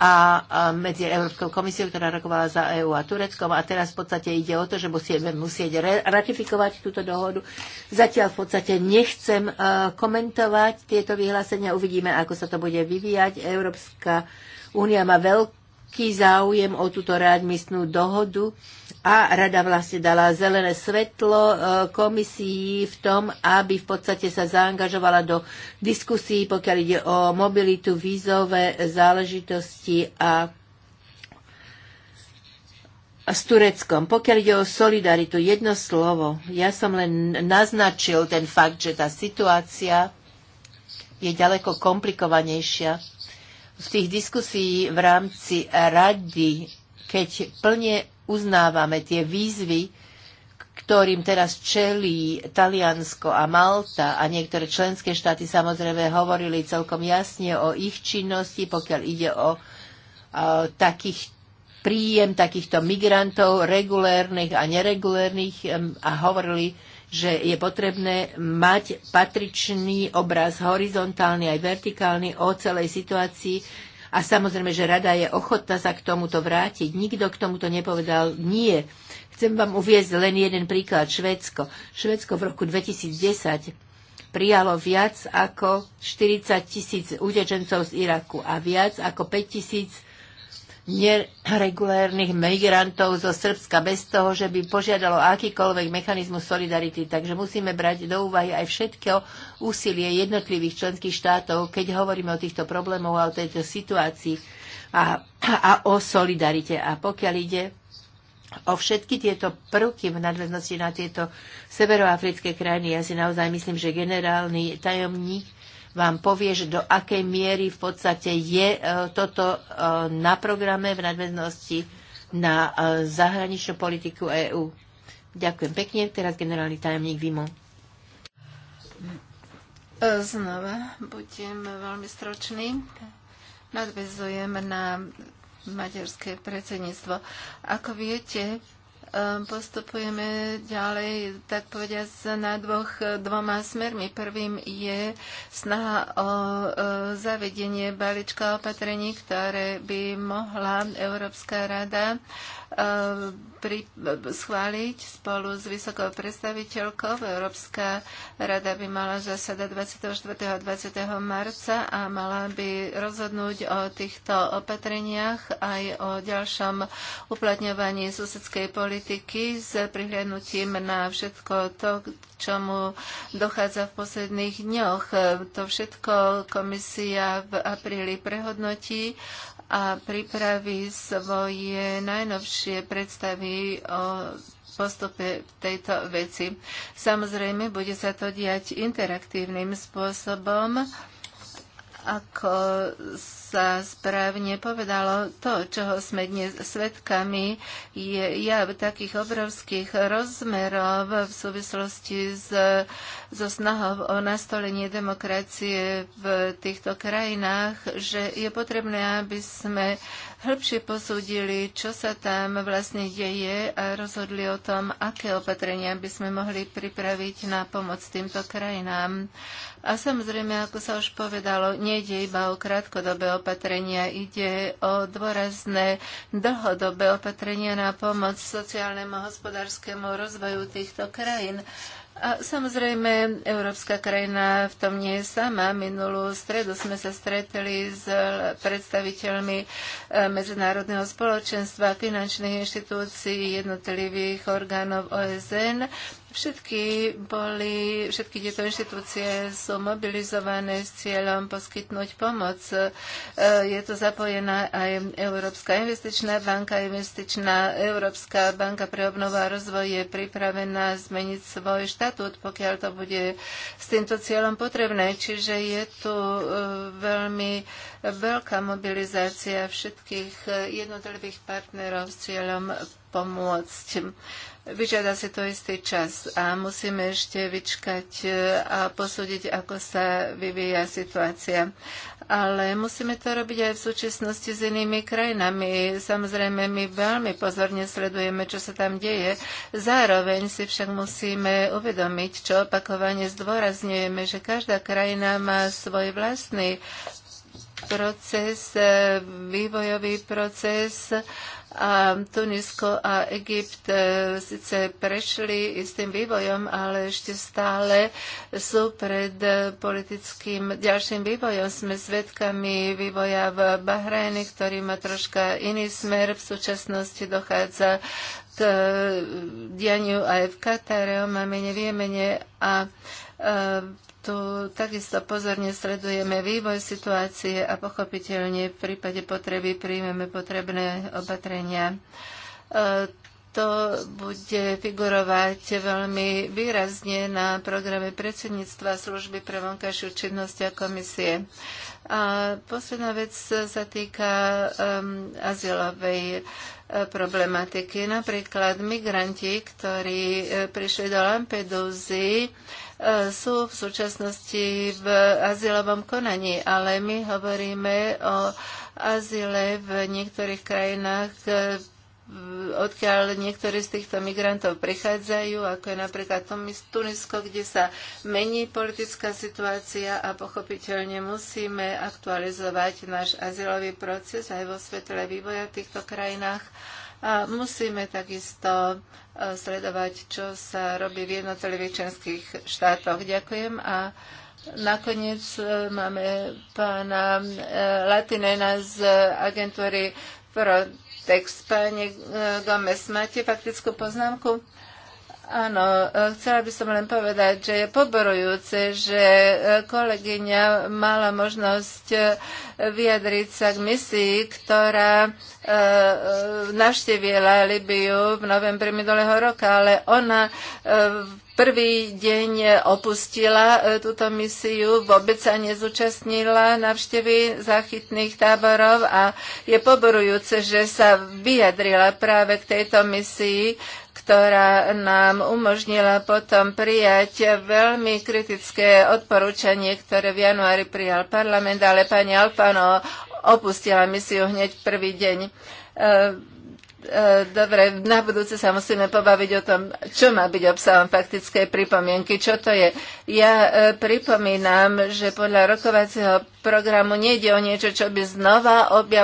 a medzi Európskou komisiou, ktorá rokovala za EÚ a Tureckom. A teraz v podstate ide o to, že musíme musieť ratifikovať túto dohodu. Zatiaľ v podstate nechcem e, komentovať tieto vyhlásenia. Uvidíme, ako sa to bude vyvíjať. Európska únia má veľký záujem o túto readmisnú dohodu a rada vlastne dala zelené svetlo e, komisii v tom, aby v podstate sa zaangažovala do diskusí, pokiaľ ide o mobilitu, vízové záležitosti a s Tureckom. Pokiaľ ide o solidaritu, jedno slovo. Ja som len naznačil ten fakt, že tá situácia je ďaleko komplikovanejšia. V tých diskusí v rámci rady keď plne uznávame tie výzvy, ktorým teraz čelí Taliansko a Malta a niektoré členské štáty samozrejme hovorili celkom jasne o ich činnosti, pokiaľ ide o, o takých príjem takýchto migrantov, regulérnych a neregulérnych a hovorili, že je potrebné mať patričný obraz horizontálny aj vertikálny o celej situácii, a samozrejme, že rada je ochotná sa k tomuto vrátiť. Nikto k tomuto nepovedal nie. Chcem vám uviezť len jeden príklad. Švédsko. Švédsko v roku 2010 prijalo viac ako 40 tisíc utečencov z Iraku a viac ako 5 tisíc neregulérnych migrantov zo Srbska bez toho, že by požiadalo akýkoľvek mechanizmus solidarity. Takže musíme brať do úvahy aj všetko úsilie jednotlivých členských štátov, keď hovoríme o týchto problémoch a o tejto situácii a, a, a o solidarite. A pokiaľ ide o všetky tieto prvky v nadväznosti na tieto severoafrické krajiny. Ja si naozaj myslím, že generálny tajomník vám povie, že do akej miery v podstate je e, toto e, na programe v nadväznosti na e, zahraničnú politiku EÚ. Ďakujem pekne. Teraz generálny tajomník Vimo. Znova budem veľmi stročný. Nadvezujem na maďarské predsedníctvo. Ako viete, Ehm, postupujeme ďalej, tak povediať, na dvoch, dvoma smermi. Prvým je snaha o e, zavedenie balíčka opatrení, ktoré by mohla Európska rada e, pri, schváliť spolu s vysokou predstaviteľkou. Európska rada by mala zasada 24. a 20. marca a mala by rozhodnúť o týchto opatreniach aj o ďalšom uplatňovaní susedskej politiky politiky s prihľadnutím na všetko to, čomu dochádza v posledných dňoch. To všetko komisia v apríli prehodnotí a pripraví svoje najnovšie predstavy o postupe tejto veci. Samozrejme, bude sa to diať interaktívnym spôsobom, ako sa správne povedalo, to, čoho sme dnes svedkami, je jav takých obrovských rozmerov v súvislosti s, so snahou o nastolenie demokracie v týchto krajinách, že je potrebné, aby sme hĺbšie posúdili, čo sa tam vlastne deje a rozhodli o tom, aké opatrenia by sme mohli pripraviť na pomoc týmto krajinám. A samozrejme, ako sa už povedalo, nejde iba o krátkodobé opatrenia. Ide o dôrazné dlhodobé opatrenia na pomoc sociálnemu a hospodárskému rozvoju týchto krajín. A samozrejme, Európska krajina v tom nie je sama. Minulú stredu sme sa stretli s predstaviteľmi e, medzinárodného spoločenstva, finančných inštitúcií, jednotlivých orgánov OSN Všetky boli, všetky tieto inštitúcie sú mobilizované s cieľom poskytnúť pomoc. E, je to zapojená aj Európska investičná banka. Investičná Európska banka pre obnovu a rozvoj je pripravená zmeniť svoj štatút, pokiaľ to bude s týmto cieľom potrebné. Čiže je tu e, veľmi veľká mobilizácia všetkých jednotlivých partnerov s cieľom pomôcť. Vyžiada si to istý čas a musíme ešte vyčkať e, a posúdiť, ako sa vyvíja situácia. Ale musíme to robiť aj v súčasnosti s inými krajinami. Samozrejme, my veľmi pozorne sledujeme, čo sa tam deje. Zároveň si však musíme uvedomiť, čo opakovane zdôrazňujeme, že každá krajina má svoj vlastný proces, e, vývojový proces a Tunisko a Egypt e, síce prešli istým vývojom, ale ešte stále sú pred politickým ďalším vývojom. Sme svedkami vývoja v Bahrajne, ktorý má troška iný smer. V súčasnosti dochádza k e, dianiu aj v Katare, o máme v Jemene a tu takisto pozorne sledujeme vývoj situácie a pochopiteľne v prípade potreby príjmeme potrebné opatrenia. E, to bude figurovať veľmi výrazne na programe predsedníctva služby pre vonkajšiu činnosť a komisie. A posledná vec sa týka um, azylovej e, problematiky. Napríklad migranti, ktorí e, prišli do Lampedúzy, E, sú v súčasnosti v azylovom konaní, ale my hovoríme o azyle v niektorých krajinách, e, odkiaľ niektorí z týchto migrantov prichádzajú, ako je napríklad Tunisko, kde sa mení politická situácia a pochopiteľne musíme aktualizovať náš azylový proces aj vo svetle vývoja v týchto krajinách. A musíme takisto e, sledovať, čo sa robí v jednotlivých členských štátoch. Ďakujem a nakoniec e, máme pána e, Latinena z agentúry Frontex. Pani Gomez, máte faktickú poznámku? Áno, chcela by som len povedať, že je poborujúce, že kolegyňa mala možnosť e, vyjadriť sa k misii, ktorá e, e, navštívila Libiu v novembri minulého roka, ale ona v prvý deň opustila túto misiu, vôbec sa nezúčastnila navštevy záchytných táborov a je poborujúce, že sa vyjadrila práve k tejto misii, ktorá nám umožnila potom prijať veľmi kritické odporúčanie, ktoré v januári prijal parlament, ale pani Alpano opustila misiu hneď prvý deň. E, Eh, dobre, na budúce sa musíme pobaviť o tom, čo má byť obsahom faktickej pripomienky, čo to je. Ja eh, pripomínam, že podľa rokovacieho programu nejde o niečo, čo by znova eh,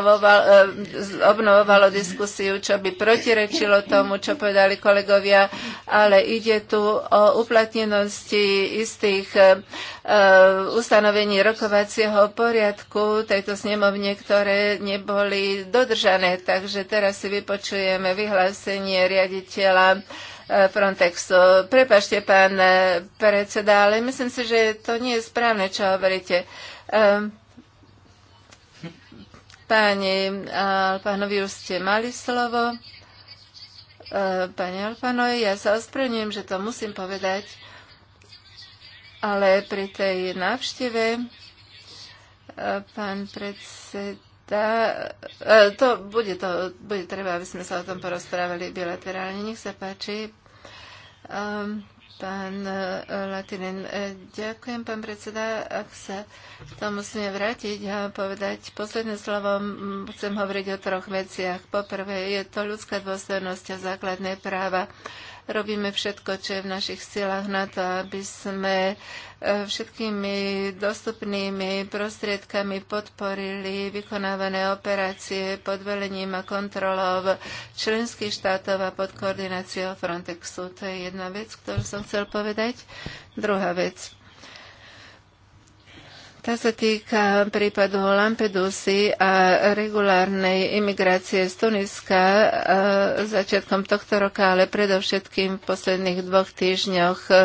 obnovovalo diskusiu, čo by protirečilo tomu, čo povedali kolegovia, ale ide tu o uplatnenosti istých Eh, ustanovení rokovacieho poriadku tejto snemovne, ktoré neboli dodržané. Takže teraz si vypočujeme vyhlásenie riaditeľa eh, Frontexu. Prepašte, pán eh, predseda, ale myslím si, že to nie je správne, čo hovoríte. Ehm, páni, pánovi už ste mali slovo. Pani Alpanovi, ja sa ospravedlňujem, že to musím povedať ale pri tej návšteve e, pán predseda, e, to bude, to bude treba, aby sme sa o tom porozprávali bilaterálne. Nech sa páči. E, pán Latinen, ďakujem, pán predseda. Ak sa to musíme vrátiť a povedať posledné slovo, chcem hovoriť o troch veciach. Poprvé, je to ľudská dôstojnosť a základné práva. Robíme všetko, čo je v našich silách na to, aby sme e, všetkými dostupnými prostriedkami podporili vykonávané operácie pod velením a kontrolou členských štátov a pod koordináciou Frontexu. To je jedna vec, ktorú som chcel povedať. Druhá vec. Tá sa týka prípadu Lampedusy a regulárnej imigrácie z Tuniska e, začiatkom tohto roka, ale predovšetkým v posledných dvoch týždňoch e, e,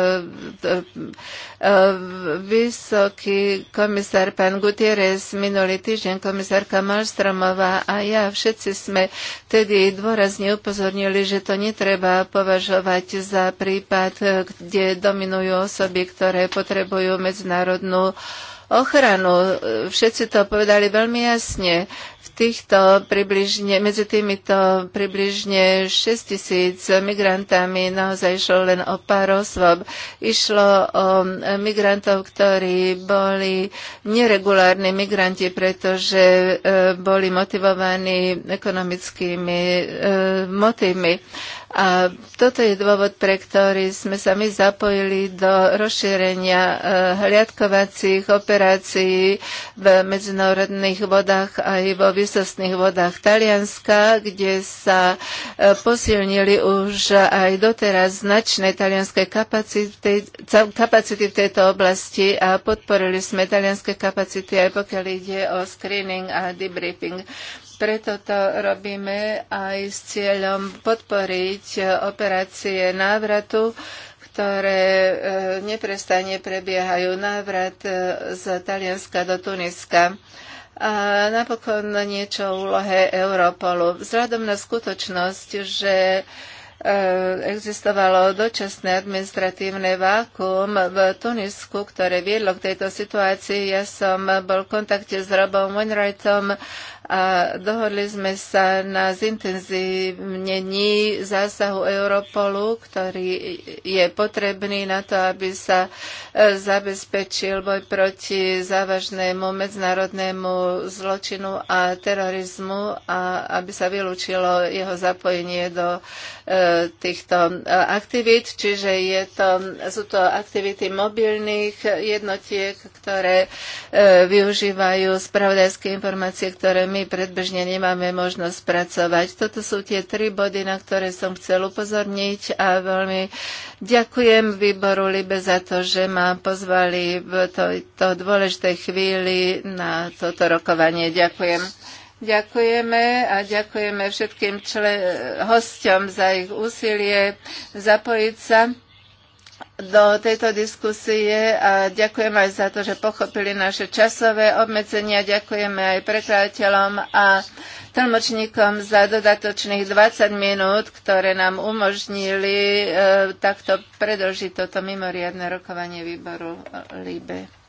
vysoký komisár pán Gutierrez, minulý týždeň komisárka Malstromová a ja všetci sme tedy dôrazne upozornili, že to netreba považovať za prípad, kde dominujú osoby, ktoré potrebujú medzinárodnú ochranu. Všetci to povedali veľmi jasne. V týchto približne, medzi týmito približne 6 tisíc migrantami naozaj išlo len o pár osôb. Išlo o um, migrantov, ktorí boli neregulárni migranti, pretože e, boli motivovaní ekonomickými e, motivmi. A toto je dôvod, pre ktorý sme sa my zapojili do rozšírenia e, hliadkovacích operácií v medzinárodných vodách aj vo vysostných vodách Talianska, kde sa e, posilnili už aj doteraz značné talianské kapacity, kapacity v tejto oblasti a podporili sme talianské kapacity aj pokiaľ ide o screening a debriefing. Preto to robíme aj s cieľom podporiť e, operácie návratu, ktoré e, neprestane prebiehajú návrat z Talianska do Tuniska. A napokon niečo o úlohe Europolu. Vzhľadom na skutočnosť, že e, existovalo dočasné administratívne vákuum v Tunisku, ktoré viedlo k tejto situácii. Ja som bol v kontakte s Robom Wainwrightom, a dohodli sme sa na zintenzívnení zásahu Europolu, ktorý je potrebný na to, aby sa e, zabezpečil boj proti závažnému medzinárodnému zločinu a terorizmu a aby sa vylúčilo jeho zapojenie do E, týchto e, aktivít, čiže je to, sú to aktivity mobilných jednotiek, ktoré e, využívajú spravodajské informácie, ktoré my predbežne nemáme možnosť spracovať. Toto sú tie tri body, na ktoré som chcel upozorniť a veľmi ďakujem výboru Libe za to, že ma pozvali v tejto dôležitej chvíli na toto rokovanie. Ďakujem. Ďakujeme a ďakujeme všetkým člen- hostom za ich úsilie zapojiť sa do tejto diskusie a ďakujem aj za to, že pochopili naše časové obmedzenia. Ďakujeme aj prekladateľom a tlmočníkom za dodatočných 20 minút, ktoré nám umožnili e, takto predlžiť toto mimoriadne rokovanie výboru LIBE.